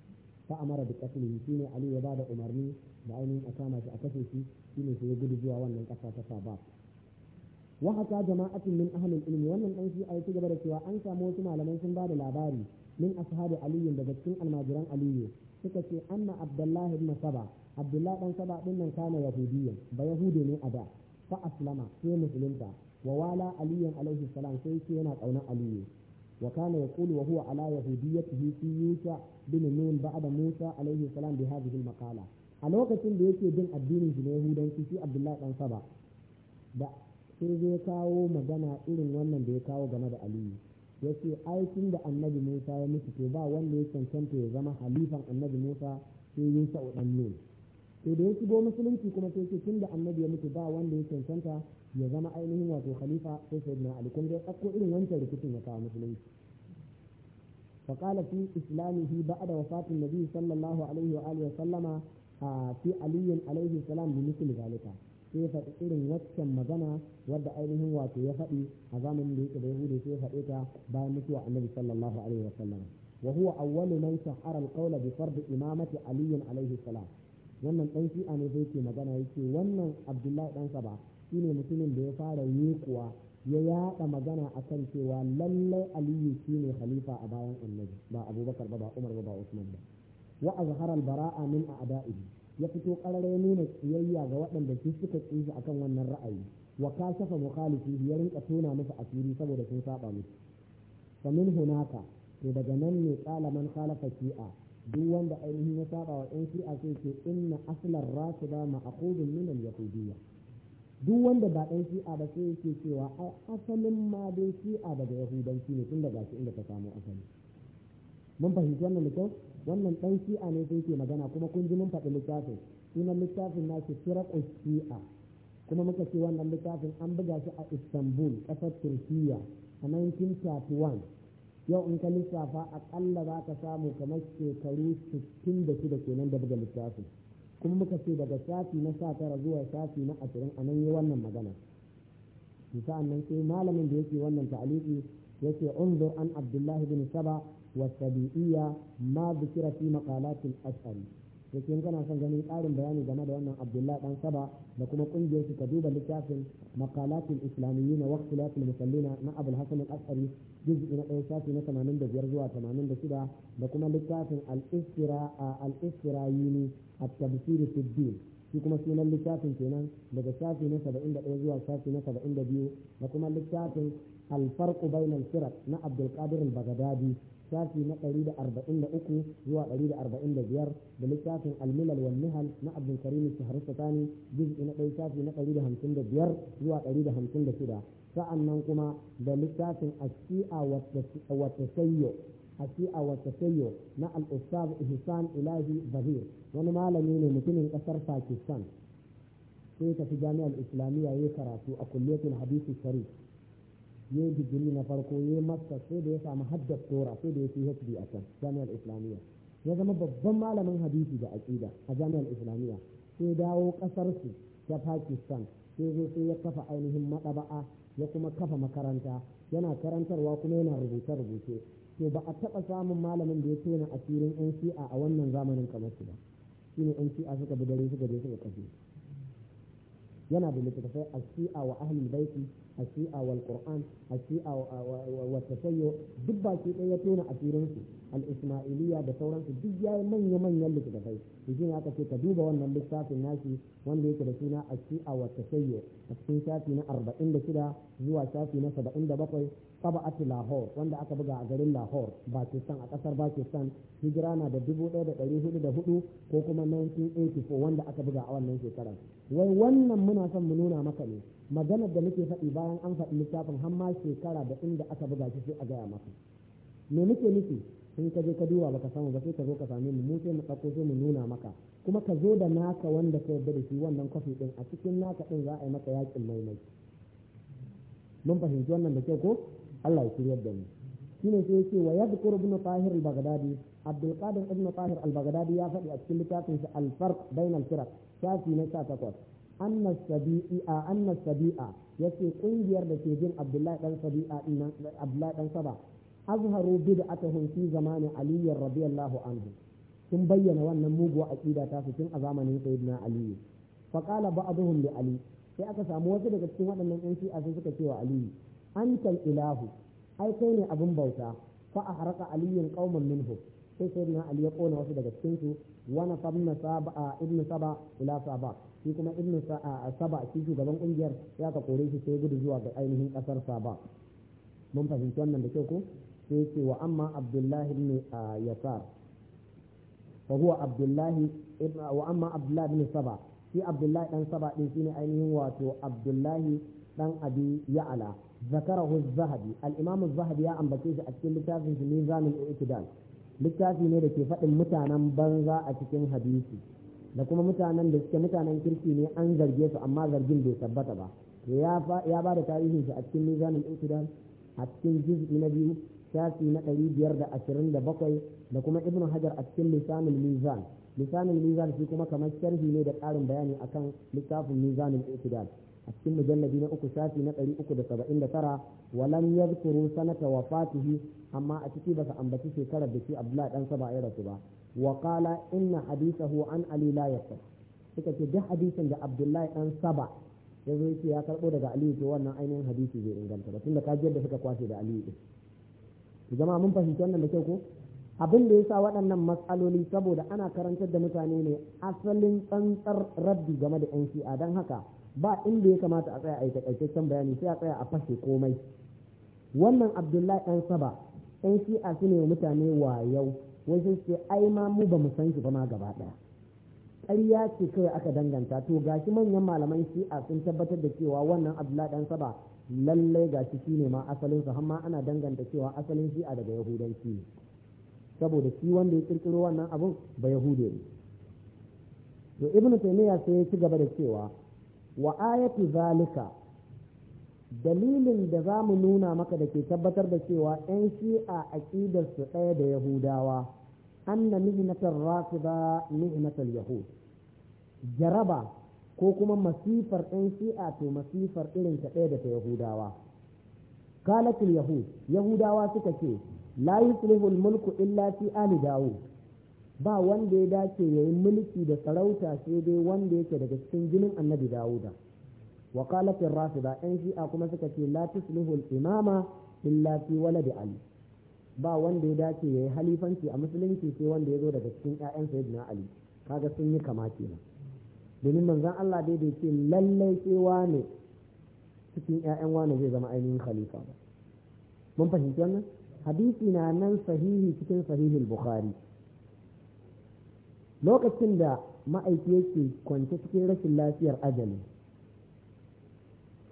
A: fa amara bi shi shine Ali ya bada umarni da ainihin a kama shi a kashe shi shine sai ya gudu zuwa wannan ƙasa ta Saba wa haka jama'atin min ahlil ilmi wannan dan shi ai gaba da cewa an samu wasu malamai sun bada labari min ashabi aliyu daga cikin almajiran aliyu suka ce anna abdullah ibn saba abdullah dan saba din nan kana yahudiyya ba yahudi ne a da fa aslama sai musulunta wa wala aliyan alaihi salam sai yake yana kaunar aliyu wa kana yaqulu wa huwa ala yahudiyyatihi fi yusa bin nun ba'da musa alaihi salam bi hadhihi al-maqala a lokacin da yake bin addinin shi na yahudanci shi abdullahi dan saba da sai zai kawo magana irin wannan da ya kawo game da aliyu ya ce aikin da annabi musa ya mutu to ba wanda ya cancanta ya zama halifan annabi musa sai yusa udan nun to da ya shigo musulunci kuma sai ce tun da annabi ya mutu ba wanda ya cancanta ya zama ainihin wato khalifa sai sayyidina ali kun dai ɗauko irin wancan rikicin ya kawo musulunci فقال في إسلامه بعد وفاة النبي صلى الله wa Sallama وسلم في علي عليه السلام بمثل ذلك sai faɗi irin waccan magana wadda ainihin wato ya faɗi a zamanin da yake da yahudi sai faɗe ta bayan mutuwa annabi sallallahu alaihi wa sallam wa huwa awwalu man shahara al bi fard imamati ali alaihi salam wannan dan shi'a ne zai ke magana yake wannan abdullahi dan saba ne mutumin da ya fara yekuwa ya yada magana akan cewa lallai aliyu shine khalifa a bayan annabi ba abubakar ba ba umar ba ba usman ba wa azhara al-bara'a min a'da'ihi ya fito karare nuna tsiyayya ga waɗanda su suka tsiji akan wannan ra'ayi wa kashafa mukhalifi ya rinka tona musu asiri saboda sun saba musu fa min hunaka to daga nan ne qala man khalafa shi'a duk wanda ainihin ya saba wa ɗan shi'a sai ce inna aslan rasida ma'qudun min al-yahudiyya duk wanda ba ɗan shi'a ba sai yake cewa ai asalin ma dai shi'a daga yahudanci ne tun daga shi inda ta samu asali mun fahimci wannan da kyau wannan ɗan shi'a ne sai ke magana kuma kun ji mun faɗi littafin sunan littafin na shi firakun shi'a kuma muka ce wannan littafin an buga shi a istanbul ƙasar turkiyya a 1931 yau in ka lissafa aƙalla za ka samu kamar shekaru 66 kenan da buga littafin kuma muka ce daga shafi na sha tara zuwa shafi na ashirin a nan yi wannan magana sa'an sai malamin da yake wannan ta'aliki yake unzur an abdullahi bin saba wa sabi'iyya ma bikira fi maqalatil ash'ari yake in kana son ganin ƙarin bayani game da wannan abdullahi dan saba da kuma kungiyar shi ka duba littafin maqalatil islamiyyin wa waqtilatil musallina na abul hasan al-ash'ari juz'i na ɗaya shafi na tamanin da biyar zuwa tamanin da shida da kuma littafin al-istira yuni a tabsiri fiddin shi kuma sunan littafin kenan daga shafi na saba'in da ɗaya zuwa shafi na saba'in da biyu da kuma littafin alfarku bainal na abdulkadir al-bagadadi shafi na ɗari da arba'in da uku zuwa ɗari da arba'in da biyar da littafin almilal wal nihal na abdulkarim shahrustani na ɗaya shafi na ɗari da da biyar zuwa ɗari da da sa'annan kuma da littafin asi'a wa tasayyo asi'a wa tasayyo na al-ustaz Ihsan Ilahi Bahir wani malami ne mutumin kasar Pakistan sai tafi jami'ar islamiyya ya karatu a kulliyatul hadisi sharif ya yi digiri na farko ya yi sai da ya samu haddar tora sai da ya phd a can jami'ar islamiyya ya zama babban malamin hadisi da aƙida a jami'ar islamiyya sai dawo ƙasarsu ta pakistan sai zo sai ya kafa ainihin maɗaba'a ya kuma kafa makaranta yana karantarwa kuma yana rubuce-rubuce to ba a taɓa samun malamin da ya tona asirin 'yan shi'a a wannan zamanin kamar su ba ne 'yan shi'a suka bi dare suka je suka kafe yana da littattafai a shi'a wa ahlul baiti a shi'a wal qur'an a shi'a wa tasayyo duk baki ɗaya ya tona a su al ismailiyya da sauransu duk yayi manya manyan littattafai shi aka ce ka duba wannan littafin nashi wanda yake da suna a shi'a wa tasayyo a cikin shafi na arba'in da shida zuwa shafi na saba'in da bakwai. sab'ati lahore wanda aka buga a garin lahore pakistan a kasar pakistan hijira na da dubu ɗaya da da ɗari hudu hudu ko kuma 1984 wanda aka buga a wannan shekarar wai wannan muna son mu nuna maka ne maganar da muke faɗi bayan an faɗi littafin hamma shekara da inda aka buga shi sai a gaya maka me muke nufi in ka je ka duba baka samu ba sai ka zo ka same mu mu sai mu ɗauko sai mu nuna maka kuma ka zo da naka wanda ka yarda da shi wannan kwafi ɗin a cikin naka ɗin za a yi maka yaƙin maimai mun fahimci wannan da kyau ko Allah ya shiryar da mu shi sai ce wa yadhkur ibn tahir al-baghdadi abdul qadir ibn tahir al-baghdadi ya faɗi a cikin littafin sa al-farq bain al-firaq shafi na 18 anna sabi'a anna sabi'a yace kungiyar da ke jin abdullahi dan sabi'a dinan abdullahi dan saba azharu bid'atuhum fi zamani ali radiyallahu anhu sun bayyana wannan muguwa aqida ta su tun a zamanin sayyidina ali fa qala ba'dhum li ali sai aka samu wasu daga cikin waɗannan yan shi'a sai suka ce wa Aliyu. antal ilahu ai kai ne abin bauta fa ahraka aliyun qauman minhu sai sai na ali kona wasu daga cikin su wa famna saba ibnu saba ila saba shi kuma ibnu saba shi shugaban kungiyar ya ka kore shi sai gudu zuwa ga ainihin kasar saba mun fahimci wannan da kyau ko sai ce wa amma abdullahi ibn yasar fa huwa abdullahi wa amma abdullahi ibn saba shi abdullahi dan saba din shine ainihin wato abdullahi dan abi ya'ala zakarahu zahabi al-imam zahabi ya ambace shi a cikin littafin shi mizanul i'tidal littafi ne da ke faɗin mutanen banza a cikin hadisi da kuma mutanen da suke mutanen kirki ne an zarge su amma zargin bai tabbata ba ya ba da tarihin shi a cikin mizanul i'tidal a cikin juz'i na biyu shafi na ɗari biyar da ashirin da bakwai da kuma ibn hajar a cikin lisanul mizan lisanul mizan shi kuma kamar sharhi ne da ƙarin bayani akan littafin mizanul i'tidal a cikin mujallabi na uku shafi na ɗari uku da saba'in da tara walam yadhkuru sanata wafatihi amma a ciki ba su ambaci shekarar da shi abdullahi dan saba ya rasu ba wa qala inna hadithahu an ali la yasah suka ce duk hadisin da abdullahi dan saba ya zo yake ya karɓo daga aliyu to wannan ainihin hadisi zai inganta ba tunda kajiyar da suka kwashe da aliyu din jama'a mun fahimci wannan da kyau ko abin da ya sa waɗannan matsaloli saboda ana karantar da mutane ne asalin tsantsar rabbi game da 'yan shi'a don haka ba inda ya kamata a tsaya a yi takaitaccen bayani sai a tsaya a fashe komai wannan abdullahi ɗan saba ɗan a su ne mutane wayau wasu ce ai ma mu ba mu san shi ba ma gaba ɗaya ƙarya ce kawai aka danganta to gashi manyan malaman shi a sun tabbatar da cewa wannan abdullahi ɗan saba lallai gashi shi ne ma asalin su amma ana danganta cewa asalin shi a daga yahudanci ne saboda shi wanda ya kirkiro wannan abun ba yahude ne to ibnu taymiya sai ya ci gaba da cewa wa ayatu zalika dalilin da za mu nuna maka da ke tabbatar da cewa 'yan shi'a aƙidarsu ɗaya da yahudawa an na mihinatar rasu ba mihinatar yahud jaraba ko kuma masifar 'yan shi'a to masifar irin ta ɗaya da ta yahudawa kalatul yahud yahudawa suka ce la yuslihu mulku illa fi ali dawud ba wanda ya dace ya yi mulki da sarauta sai dai wanda yake daga cikin jinin annabi dawuda wa Rafi rafida yan shi'a kuma suka ce la tuslihu imama illa fi waladi ali ba wanda ya dace ya yi halifanci a musulunci sai wanda ya zo daga cikin ƴaƴan sayyidina ali kaga sun yi kama kenan domin manzon Allah dai bai ce lallai sai wane cikin ƴaƴan wane zai zama ainihin khalifa ba mun fahimci wannan hadisi na nan sahihi cikin sahihul bukhari lokacin da ma'aiki yake kwance cikin rashin lafiyar ajali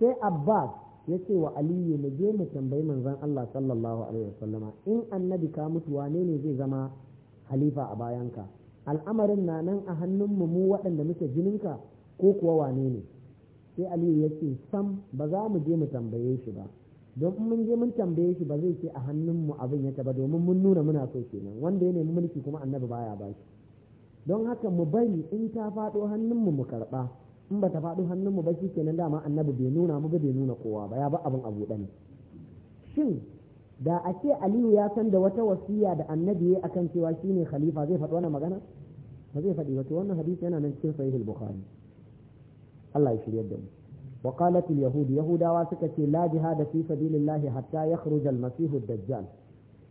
A: sai abbas ya ce wa aliyu mu je mu tambayi manzon allah sallallahu alaihi wasallama in annabi ka mutu wane ne zai zama halifa a bayanka al'amarin na nan a hannunmu mu waɗanda muke jininka ko kuwa wane ne sai aliyu ya ce sam ba za mu je mu tambaye shi ba don mun je mun tambaye shi ba zai ce a hannunmu abin ya ba domin mun nuna muna so kenan wanda ya nemi mulki kuma annabi baya ba shi don haka mu bari in ta faɗo hannunmu mu karɓa in ba ta faɗo hannunmu ba shi kenan dama annabi bai nuna mu bai nuna kowa ba ya ba abin abu ɗan shin da a ce aliyu ya san da wata wasiya da annabi ya akan cewa ne khalifa zai faɗi wannan magana ba zai faɗi ba wannan hadisi yana nan cikin sahih al-bukhari Allah ya shiryar da mu wa qalat al-yahud yahudawa suka ce la jihada fi sabilillahi hatta yakhruja al-masih ad-dajjal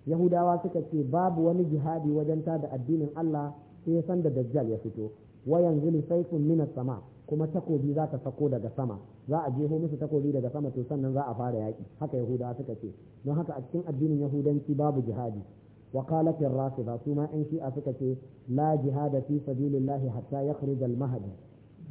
A: yahudawa suka ce babu wani jihadi wajen tada addinin Allah sai san da dajjal ya fito wa yanzu li sayfun sama kuma takobi za ta sauko daga sama za a jeho musu takobi daga sama to sannan za a fara yaƙi haka yahuda suka ce don haka a cikin addinin yahudanci babu jihadi wa qalat ar-rafida su ma an shi'a suka ce la jihada fi sabilillahi hatta yakhruj al-mahdi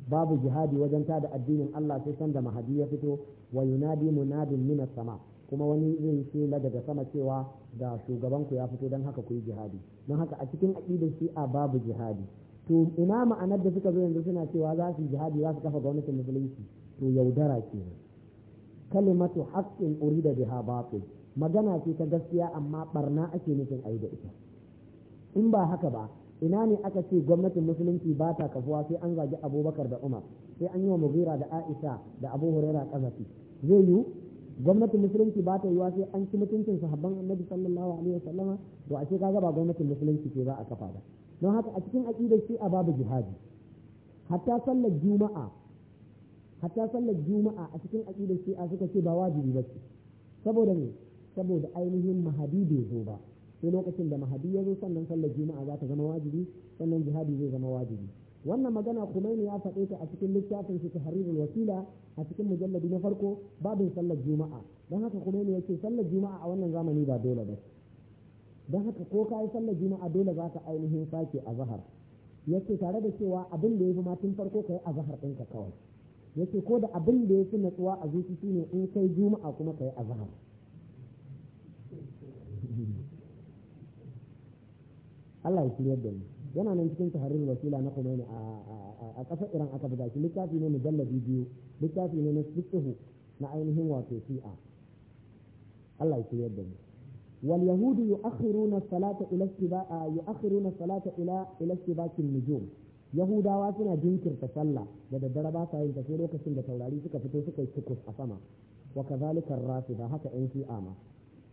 A: babu jihadi wajen tada addinin Allah sai san da mahdi ya fito wa yunadi munadin minas sama' kuma wani zai ce shela daga sama cewa da ku ya fito don haka ku yi jihadi don haka a cikin aƙidar shi'a babu jihadi to ina ma'anar da suka zo yanzu suna cewa za su jihadi za su kafa gwamnatin musulunci to yaudara kenan kalimatu haqqin urida biha batil magana ce ta gaskiya amma barna ake nufin ayi da ita in ba haka ba ina ne aka ce gwamnatin musulunci ba ta kafuwa sai an zagi abubakar da umar sai an yi wa mugira da aisha da abu huraira kazafi zai yiwu gwamnatin musulunci ba ta yiwa sai an ci mutuncin sahabban annabi sallallahu alaihi wasallama to ashe kaga ba gwamnatin musulunci ce za a kafa ba don haka a cikin aqidar shi a babu jihadi hatta sallar juma'a hatta sallar juma'a a cikin aqidar shi a suka ce ba wajibi ba ce saboda ne saboda ainihin mahadi bai zo ba sai lokacin da mahadi ya zo sannan sallar juma'a za ta zama wajibi sannan jihadi zai zama wajibi wannan magana kuma ne ya faɗe ta a cikin littafin shi harirul wasila a cikin mujalladi na farko babin sallar juma'a don haka kuma ne yake sallar juma'a a wannan zamani ba dole ba don haka ko ka yi sallar juma'a dole za ka ainihin sake a zahar yake tare da cewa abin da ya fi matin farko ka yi a zahar ɗinka kawai yake ko da abin da ya fi natsuwa a zuci ne in kai juma'a kuma ka yi a zahar Allah ya shirya da mu yana nan cikin taharin wasila na kuma a a ƙasa iran aka buga shi littafi ne mujallabi biyu littafi ne na fiqhu na ainihin wato shi'a Allah ya shirya da mu wal yahudu yu'akhiruna salata ila istiba'a yu'akhiruna salata ila ila nujum yahudawa suna jinkirta sallah da daddare ba sa yin ta sai lokacin da taurari suka fito suka yi tukus a sama wa kazalika rafida haka yan shi'a ma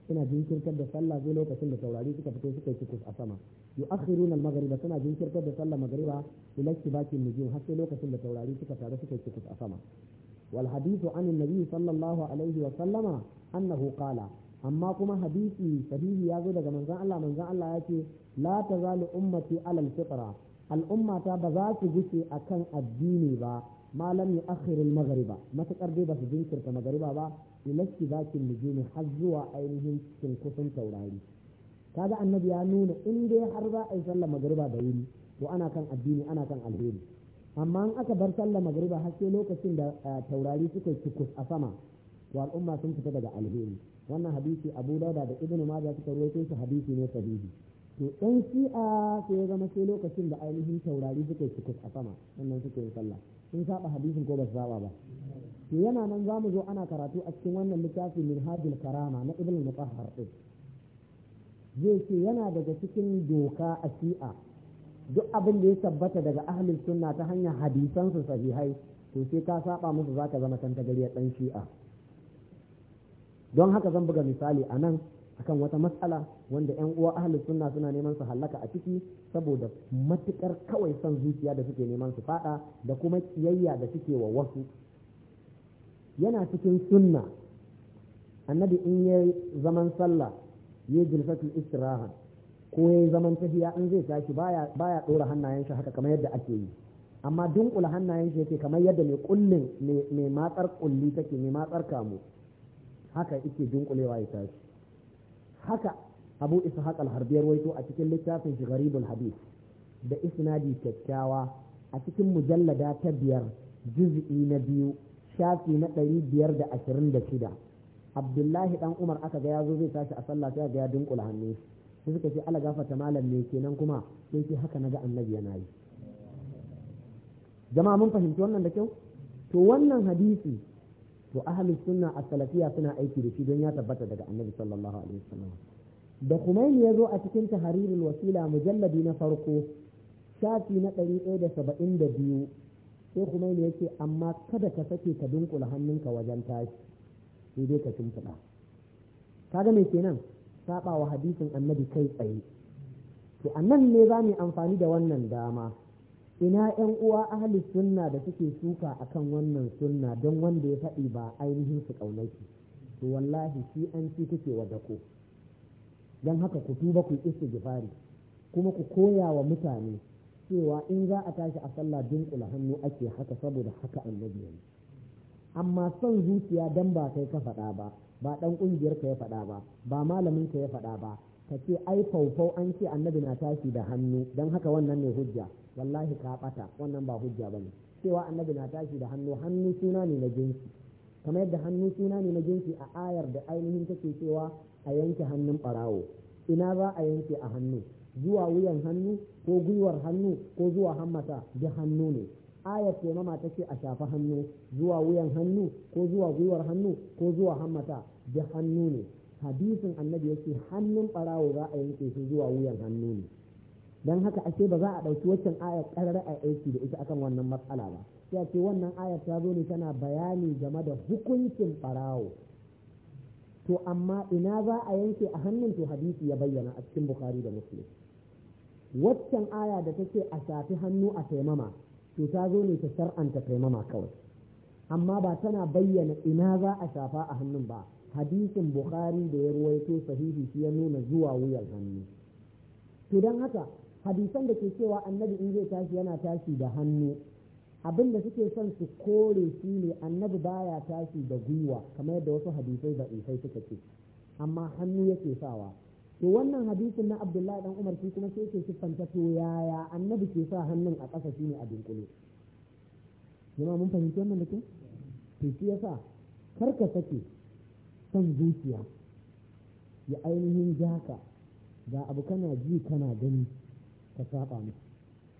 A: suna jinkirtar da sallah sai lokacin da taurari suka fito suka yi tukus a sama yu'akhiruna al-maghriba suna jinkirtar da sallar Magariba, ila kibakin nujum har sai lokacin da taurari suka taru suka yi a sama Walhadisu hadithu an annabi sallallahu alaihi amma kuma hadisi sahihi ya zo daga manzon Allah manzon Allah ya ce la tazalu ummati ala al al'ummata ba za su guce akan addini ba malam ya magariba matukar dai ba su jinkirta magariba ba ilaki zakin nujumi har zuwa ainihin cinkusun taurari kaga annabi ya nuna in dai har za a yi sallar magariba da wuri to ana kan addini ana kan alheri amma in aka bar sallar magariba har sai lokacin da eh, taurari suka cikus a sama to al'umma sun fita daga alheri wannan hadisi abu dauda da ibnu majah suka rawaito shi hadisi ne sahihi to dan shi'a sai ya zama sai lokacin da ainihin taurari suka cikus a sama wannan suke yin sallah sun saba hadisin ko ba su saba ba to yana nan za mu zo ana karatu a cikin wannan littafin hadil karama na ibnu mutahhar din zai ce yana daga cikin doka a shi'a duk abin da ya tabbata daga ahlul sunna ta hanyar hadisansu sahihai to sai ka saba musu zaka zama kan a dan shi'a don haka zan buga misali a nan akan wata matsala wanda 'yan uwa ahlus sunna suna neman su hallaka a ciki saboda matukar kawai son zuciya da suke neman su faɗa da kuma kiyayya da suke wa wasu yana cikin sunna annabi in ya zaman sallah yi jilfatul istiraha ko ya zaman tafiya in zai tashi baya baya dora hannayen shi haka kamar yadda ake yi amma dunkula hannayen shi yake kamar yadda mai kullin mai matsar kulli take mai matsar kamu haka yake dunkulewa ya tashi haka abu ishaq al-harbi ya a cikin littafin shi gharibul hadith da isnadi kyakkyawa a cikin mujallada ta biyar juz'i na biyu shafi na ɗari biyar da ashirin da shida abdullahi dan umar aka ga ya zo zai tashi a sallah sai ga ya dunkula hannu sai suka ce ala gafarta malam ne kenan kuma sai ce haka naga annabi yana yi jama'a mun fahimci wannan da kyau to wannan hadisi to ahli sunna a salafiya suna aiki da shi don ya tabbata daga annabi sallallahu alaihi wasallam da Khomeini ya zo a cikin tahrirul wasila mujalladi na farko shafi na ɗari ɗaya da saba'in da biyu sai Khomeini ya ce amma kada ka sake ka dunkula hannunka wajen tashi sai dai ka shimfiɗa kaga me kenan saba wa hadisin annabi kai tsaye to a nan ne za mu yi amfani da wannan dama ina yan uwa ahli sunna da suke shuka a kan wannan sunna don wanda ya faɗi ba ainihin su ƙaunaki to wallahi shi an ci kake wa dako don haka ku tuba ku isa gifari kuma ku koya wa mutane cewa in za a tashi a sallah dunkula hannu ake haka saboda haka annabi ne amma son zuciya dan ba kai ka faɗa ba ba ɗan ƙungiyar ka ya faɗa ba ba malamin ka ya faɗa ba ka ce ai faufau an ce annabi na tashi da hannu don haka wannan ne hujja wallahi ka ɓata wannan ba hujja ba ne cewa annabi na tashi da hannu hannu suna ne na jinsi kamar yadda hannu suna ne na jinsi a ayar da ainihin take cewa a yanke hannun ɓarawo ina za a yanke a hannu zuwa wuyan hannu ko gwiwar hannu ko zuwa hammata da hannu ne ce taimama ta ce a shafi hannu zuwa wuyan hannu ko zuwa gwiwar hannu ko zuwa hammata da hannu ne hadisin annabi ce hannun barawo za a yanke shi zuwa wuyan hannu ne don haka ashe ba za a ɗauki waccan ayar ƙarar a aiki da ita akan wannan matsala ba sai ce wannan ayar ta zo ne tana bayani game da hukuncin barawo to amma ina za a yanke a hannun to hadisi ya bayyana a cikin bukhari da muslim waccan aya da ta ce a shafi hannu a taimama to ta zo ne ta shar'anta taimama kawai amma ba tana bayyana ina za a shafa a hannun ba hadisin bukhari da ya ruwaito sahihi shi ya nuna zuwa wuyar hannu to don haka hadisan da ke cewa annabi in zai tashi yana tashi da hannu abin da suke son su kore shi ne annabi baya tashi da gwiwa kamar yadda wasu hadisai da isai suka ce amma hannu yake sawa to wannan hadisin na abdullahi dan umar shi kuma sai yake siffanta to yaya annabi ke sa hannun a ƙasa shine a dunkule jama'a mun fahimci wannan da ke to shi yasa kar ka sake son zuciya ya ainihin jaka ga abu kana ji kana gani ka saba musu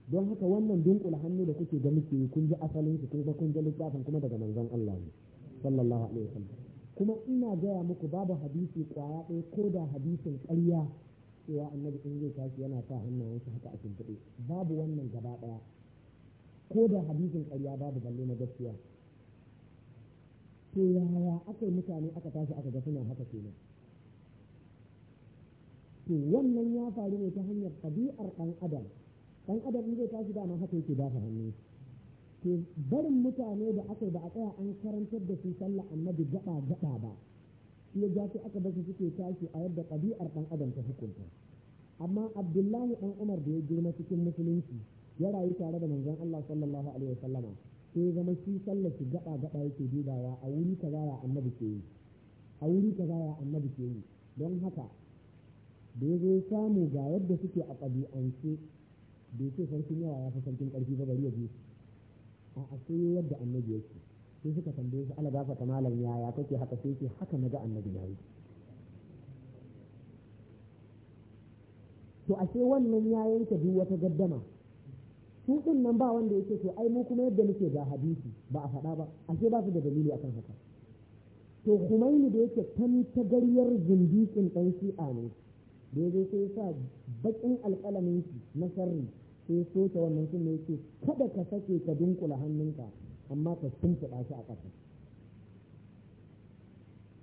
A: don haka wannan dunkula hannu da kuke ga muke kun ji asalin su kun ga kun ji littafin kuma daga manzon Allah ne sallallahu alaihi wasallam kuma ina gaya muku babu hadisi kwaya ɗaya ko da hadisin ƙarya cewa annabi in zai tashi yana sa hannayensa haka a shimfiɗe babu wannan gaba ɗaya ko da hadisin ƙarya babu balle na gaskiya to yaya aka yi mutane aka tashi aka ga suna haka kenan to wannan ya faru ne ta hanyar ɗabi'ar ɗan adam ɗan adam in zai tashi dama haka yake dafa hannu ke barin mutane da aka ba a tsaya an karantar da su sallah annabi gaba gaba ba shi ya su aka basu suke tashi a yadda ɗabi'ar ɗan adam ta hukunta amma abdullahi ɗan umar da ya girma cikin musulunci ya rayu tare da manzon allah sallallahu alaihi wasallama sai zama shi sallar shi gaba gaba yake dubawa a wuri kaza ya annabi ke yi a wuri kaza ya annabi ke yi don haka da ya zo samu ga yadda suke a ƙabi'ance bai ce sarkin yawa ya fi sarkin ƙarfi ba bari ya su a akwai yadda annabi yake sai suka tambaye shi ala gafa malam yaya kake haka sai yake haka naga annabi yayi to ashe wannan ya yanke duk wata gaddama su nan ba wanda yake to ai mu kuma yadda muke ga hadisi ba a faɗa ba ashe ba su da dalili akan haka to Khumaini da yake gariyar zindisin ɗan shi'a ne da ya sai sa baƙin alƙalamin shi na sharri sai soke wannan sunna yake kada ka sake ka dunkula hannunka amma ka shimfiɗa shi a ƙasa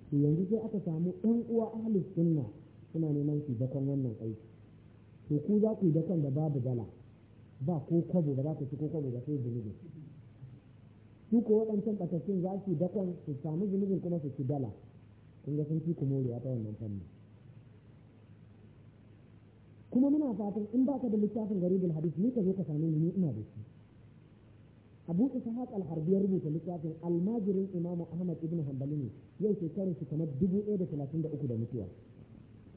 A: to yanzu sai aka samu ɗan uwa ahli sunna suna neman su dakon wannan aiki to ku za ku yi dakon da babu dala ba ko kwabo ba za ku ci ko kwabo ba sai zunubi su ko waɗancan ƙasashen za su dakon su samu zunubin kuma su ci dala kun ga sun fi ku ta wannan fannin kuma muna fatan in baka da littafin garibin hadis ni ka zo ka same ni ina da shi abu ishaq al-harbi ya rubuta littafin almajirin imamu ahmad ibn hanbali ne yau shekarar shi kamar dubu ɗaya da talatin da uku da mutuwa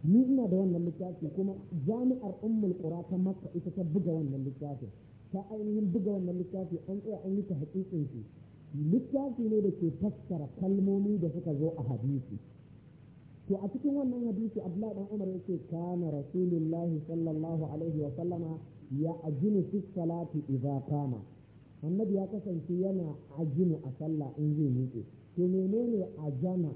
A: ni ina da wannan littafi kuma jami'ar ummul qura ta makka ita ta buga wannan littafin ta ainihin buga wannan littafi an tsaya an yi ta haƙiƙin shi littafi ne da ke fassara kalmomi da suka zo a hadisi to a cikin wannan hadisi abdullahi dan umar yake kana rasulullahi sallallahu alaihi wa sallama ya ajinu fi salati idza kama annabi ya kasance yana ajinu a sallah in zai miƙe to menene ajana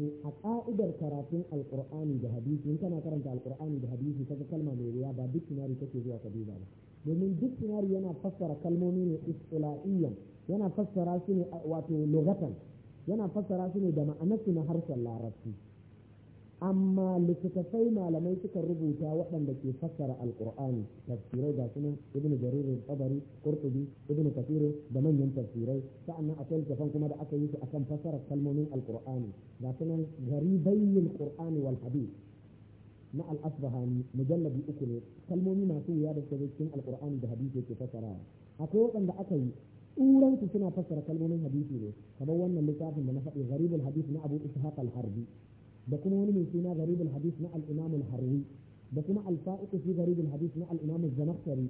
A: to a ka'idar karatun alqur'ani da hadisi in kana karanta alqur'ani da hadisi kaga kalma mai riya ba duk tunari kake zuwa ka duba ba domin duk tunari yana fassara kalmomi ne istila'iyyan yana fassara su ne wato lugatan yana fassara su ne da ma'anarsu na harshen larabci amma littattafai malamai suka rubuta waɗanda ke fassara alƙur'ani tafsirai ga sunan ibnu jarir tabari qurtubi ibnu kathir da manyan tafsirai sa'annan akwai littafan kuma da aka yi su akan fassarar kalmomin alƙur'ani ga sunan garibayil qur'ani wal hadith na al-asbahani mujalladi uku ne kalmomi masu wuya da suke cikin alƙur'ani da hadisi ke fassara akwai waɗanda aka yi turanci suna fassara kalmomin hadisi ne kamar wannan littafin da na faɗi gharibul hadis na abu ishaq al-harbi da kuma wani mai suna gharibul hadis na al-imam al-harwi da kuma al-fa'iq fi gharibul hadis na al-imam az-zamakhshari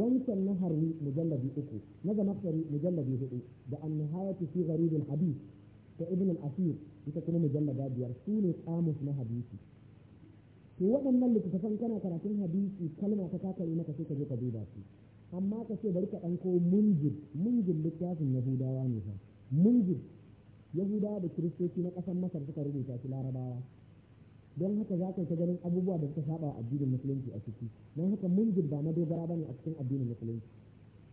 A: wancan na harwi mujalladi uku na zamakhshari mujalladi hudu da an-nihayatu fi gharibul hadis ta ibn al-asir ita kuma mujallada biyar su ne kamus na hadisi to waɗannan littattafan kana karatun hadisi kalma ta kakari maka sai ka je ka duba su amma ka ce bari ka ɗan ko munjin littafin yahudawa ne fa munjin yahudawa da kiristoci na ƙasar masar suka rubuta shi larabawa don haka za ka ta ganin abubuwa da suka saba wa addinin musulunci a ciki don haka munjir ba madogara ba ne a cikin addinin musulunci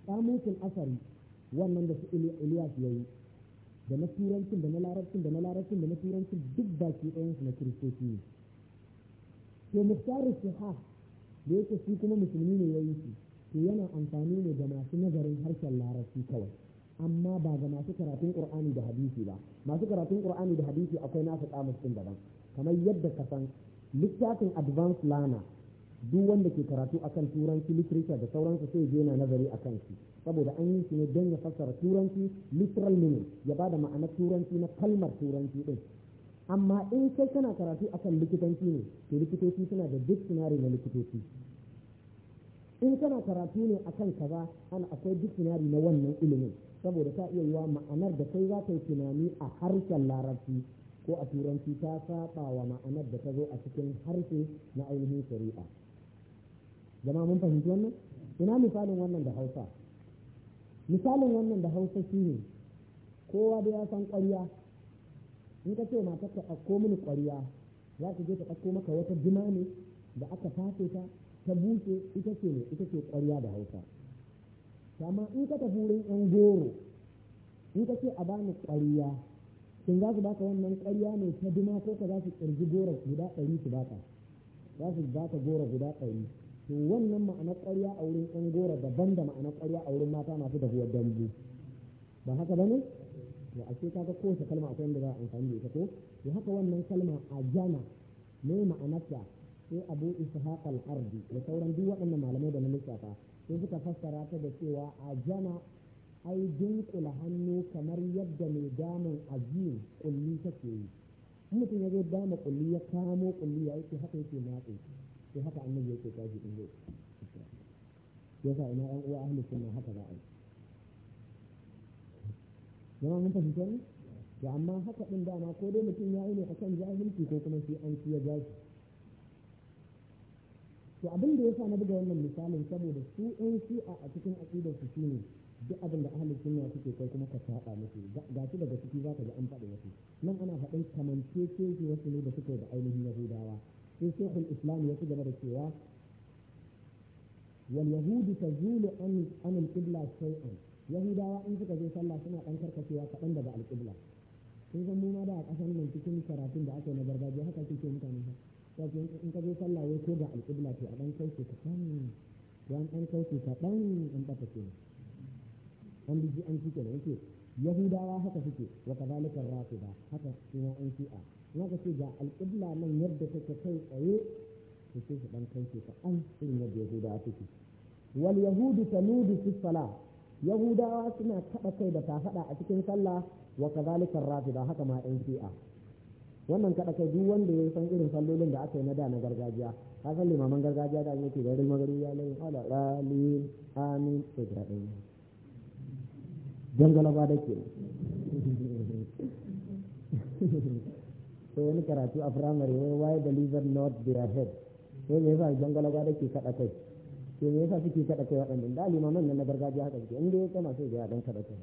A: ƙamusin asari wannan da su iliyas ya yi da na turancin da na larabcin da na larabcin da na turancin duk baki ɗayansu na kiristoci ne to muftarin suha da yake shi kuma musulmi ne ya yi shi yana amfani ne ga masu nazarin harshen larabci kawai amma ba ga masu karatun qur'ani da hadisi ba masu karatun qur'ani da hadisi akwai nasu kamus din daban kamar yadda ka san littafin advanced learner duk wanda ke karatu akan turanci literature da sauransu sai je na nazari akan shi saboda an yi shi ne don ya fassara turanci literal meaning ya da ma'ana turanci na kalmar turanci din amma in kai kana karatu akan likitanci ne to likitoci suna da dictionary na likitoci in kana karatu ne akan kaza ana akwai dictionary na wannan ilimin saboda ta iya yiwa ma'anar da kai za ka yi tunani a harshen larabci ko a turanci ta saba wa ma'anar da ta zo a cikin harshe na ainihin shari'a jama'a mun fahimci wannan ina misalin wannan da hausa misalin wannan da hausa shine kowa da ya san ƙwarya in ka ce matar ta ɗauko mini ƙwarya za ka je ta ɗauko maka wata jima ne da aka fafe ta ta buce ita ce ne ita ce ƙwarya da hausa amma in ka tafi wurin yan goro in ka ce a bani ƙwarya sun za su baka wannan ƙwarya ne ta duma ko ka za su ƙirji goro guda ɗari su baka za su baka goro guda ɗari to wannan ma'anar ƙwarya a wurin yan goro daban da ma'anar ƙwarya a wurin mata masu tafiya dambu ba haka ba ne to a ce ga kowace kalma akwai wanda za a amfani da ita ko to haka wannan kalma a jana ne ma'anarta sai abu ishaq al-ardi da sauran duk waɗannan malamai da na lissafa sai suka fassara ta da cewa a jana ai dunkula hannu kamar yadda mai damun azim kulli take yi mutum ya zai dama kulli ya kamo kulli ya yake haka yake matsi sai haka annabi yake tashi in zo yasa ina yan uwa ahli sunna haka za a yi zama mun fahimta ne da amma haka din dama ko dai mutum ya yi ne akan jahilci ko kuma sai an ya gashi to abin da ya sa na buga wannan misalin saboda su ɗan shi'a a cikin aƙidar su shine duk abin da ahalin sunna suke kai kuma ka saba musu ga shi daga ciki za ka ji an faɗi wasu nan ana faɗin kamancececi wasu ne da suke da ainihin yahudawa sai shekul islam ya ci gaba da cewa wal yahudu tazulu an an al-qibla shay'an yahudawa in suka je sallah suna dan karkacewa kaɗan daga al-qibla sun san mu ma da a ƙasar nan cikin karatun da ake na gargajiya haka suke mutane haka wajen in ka zo sallah wai ko ga alƙibla to a ɗan kai su kaɗan to an ɗan kai su kaɗan an ɓata ke an biji an cike da yake yahudawa haka suke wa kazalika ba haka ma an shi'a na ka ce ga alƙibla nan yadda take kai tsaye to sai su ɗan kai su kaɗan irin yadda yahudawa suke wal yahudu ta Nudu su salah yahudawa suna kaɗa kai da ta kafaɗa a cikin sallah wa kazalika ba haka ma yan shi'a wannan kada kai duk wanda ya san irin sallolin da aka yi na da na gargajiya ka san limaman gargajiya da yake garin magari ya lai ala ralin amin to da dai dangala ba ke? [laughs] Sai wani karatu a firamare wai why the liver not their head Sai me yasa dangala ba ke kada kai to me yasa suke kada kai waɗannan da limaman nan na gargajiya haka suke inda ya kama sai da ya dan kada kai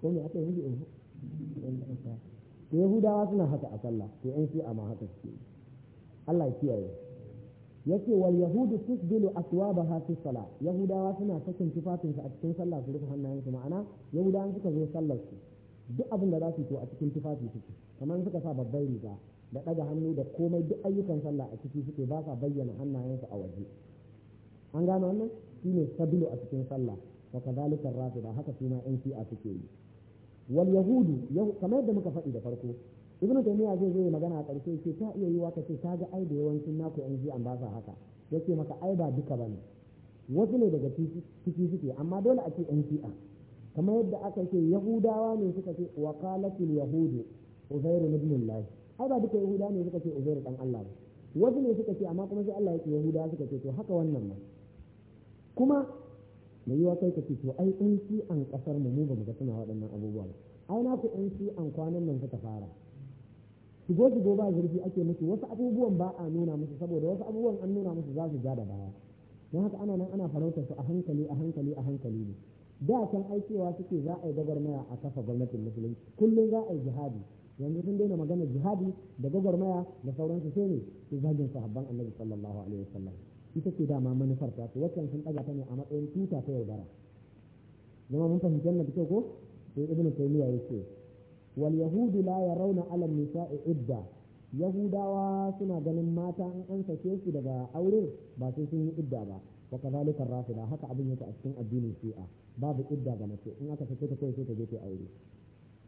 A: ko me aka yi mu to yahudawa suna haka a sallah to yan shi'a ma haka suke Allah ya kiyaye ce wal yahudu tusbilu aswabaha fi salah yahudawa suna sakin tufafin su a cikin sallah su rufe hannayen su ma'ana yahudawa suka zo sallar su duk abin da za su to a cikin tufafi suke kamar suka sa babbar riga da ɗaga hannu da komai duk ayyukan sallah a ciki suke ba sa bayyana hannayensu a waje an gano wannan ne sabilu a cikin sallah wa kadhalika ba haka su ma yan shi'a suke yi wal yahudu kamar yadda muka faɗi da farko ibn taymiya zai zo magana a ƙarshe ce ta iya yiwa ka ce ta ga ai da yawancin naku yan jiyan ba sa haka yace maka ai ba duka bane wasu ne daga ciki suke amma dole a ce yan shi'a kamar yadda aka ce yahudawa ne suka ce wa qalatil yahudu uzairu ibn allah ai ba duka yahuda ne suka ce uzairu dan allah wasu ne suka ce amma kuma sai Allah ya ce yahuda suka ce to haka wannan ma kuma mai yiwa kai ka ce to ai in shi an ƙasar mu mu ba mu ga suna waɗannan abubuwa ai na ku in shi an kwanan nan suka fara shigo shigo ba zurfi ake musu wasu abubuwan ba a nuna musu saboda wasu abubuwan an nuna musu za su ja da baya don haka ana nan ana farautar su a hankali a hankali a hankali ne da can ai cewa suke za a yi gwagwarmaya a kafa gwamnatin musulunci kullum za a yi jihadi yanzu sun daina magana jihadi da gwagwarmaya da sauransu sai ne su zagin sahabban annabi sallallahu alaihi wasallam ita ce dama manufar ta waccan sun daga ta ne a matsayin tuta ta yaudara zama mun fahimci wannan da kyau ko sai ibn taymiya yace wal yahudu la yarawna ala nisa'i idda yahudawa suna ganin mata in an sake su daga aure ba sai sun yi idda ba wa kazalika rafida haka abin yake a cikin addinin shi'a babu idda ga mace in aka sake ta kai sai ta je ta aure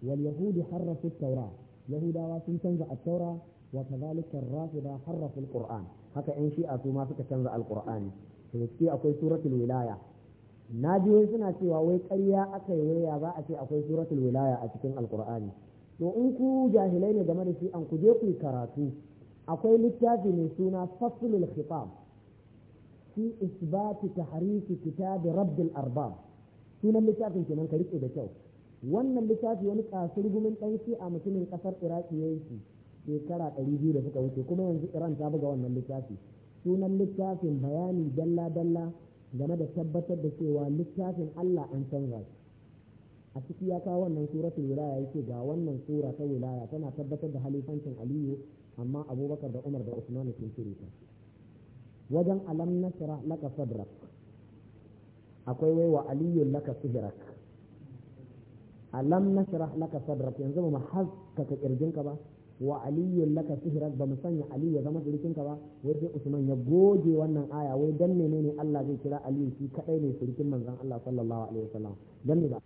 A: wal yahudu harrafu tawra yahudawa sun canza at-taura wa kadhalika ar-rafida harrafu al-qur'an haka 'yan shi'a su ma suka canza al-qur'ani to ciki akwai suratul wilaya na ji wai suna cewa wai karya aka yi waya za a ce akwai suratul wilaya a cikin alkur'ani to in ku jahilai ne game da shi an ku je ku yi karatu akwai littafi mai suna faslul khitab fi isbati tahriki kitabi rabbil arbab sunan littafin kenan ka rike da kyau wannan littafi wani kasar gumin dan a mutumin ƙasar iraki yayi shekara ɗari biyu da suka wuce kuma yanzu iran ta buga wannan littafi sunan littafin bayani dalla dalla game da tabbatar da cewa littafin allah an canza shi a ciki ya kawo wannan suratul wilaya yake ga wannan sura ta wilaya tana tabbatar da halifancin aliyu amma abubakar da umar da usman sun shiri ta wajen alam nasra laka sadrak akwai waiwa aliyu laka sihirak alam nasra laka sadrak yanzu mu haskaka kirjinka ba wa aliyyun laka sihirat ba mu sanya ali ya zama sirkin ka ba wai sai usman ya goge wannan aya wai dan menene Allah zai kira aliyu shi kadai ne surukin manzon Allah sallallahu alaihi wasallam dan ne ba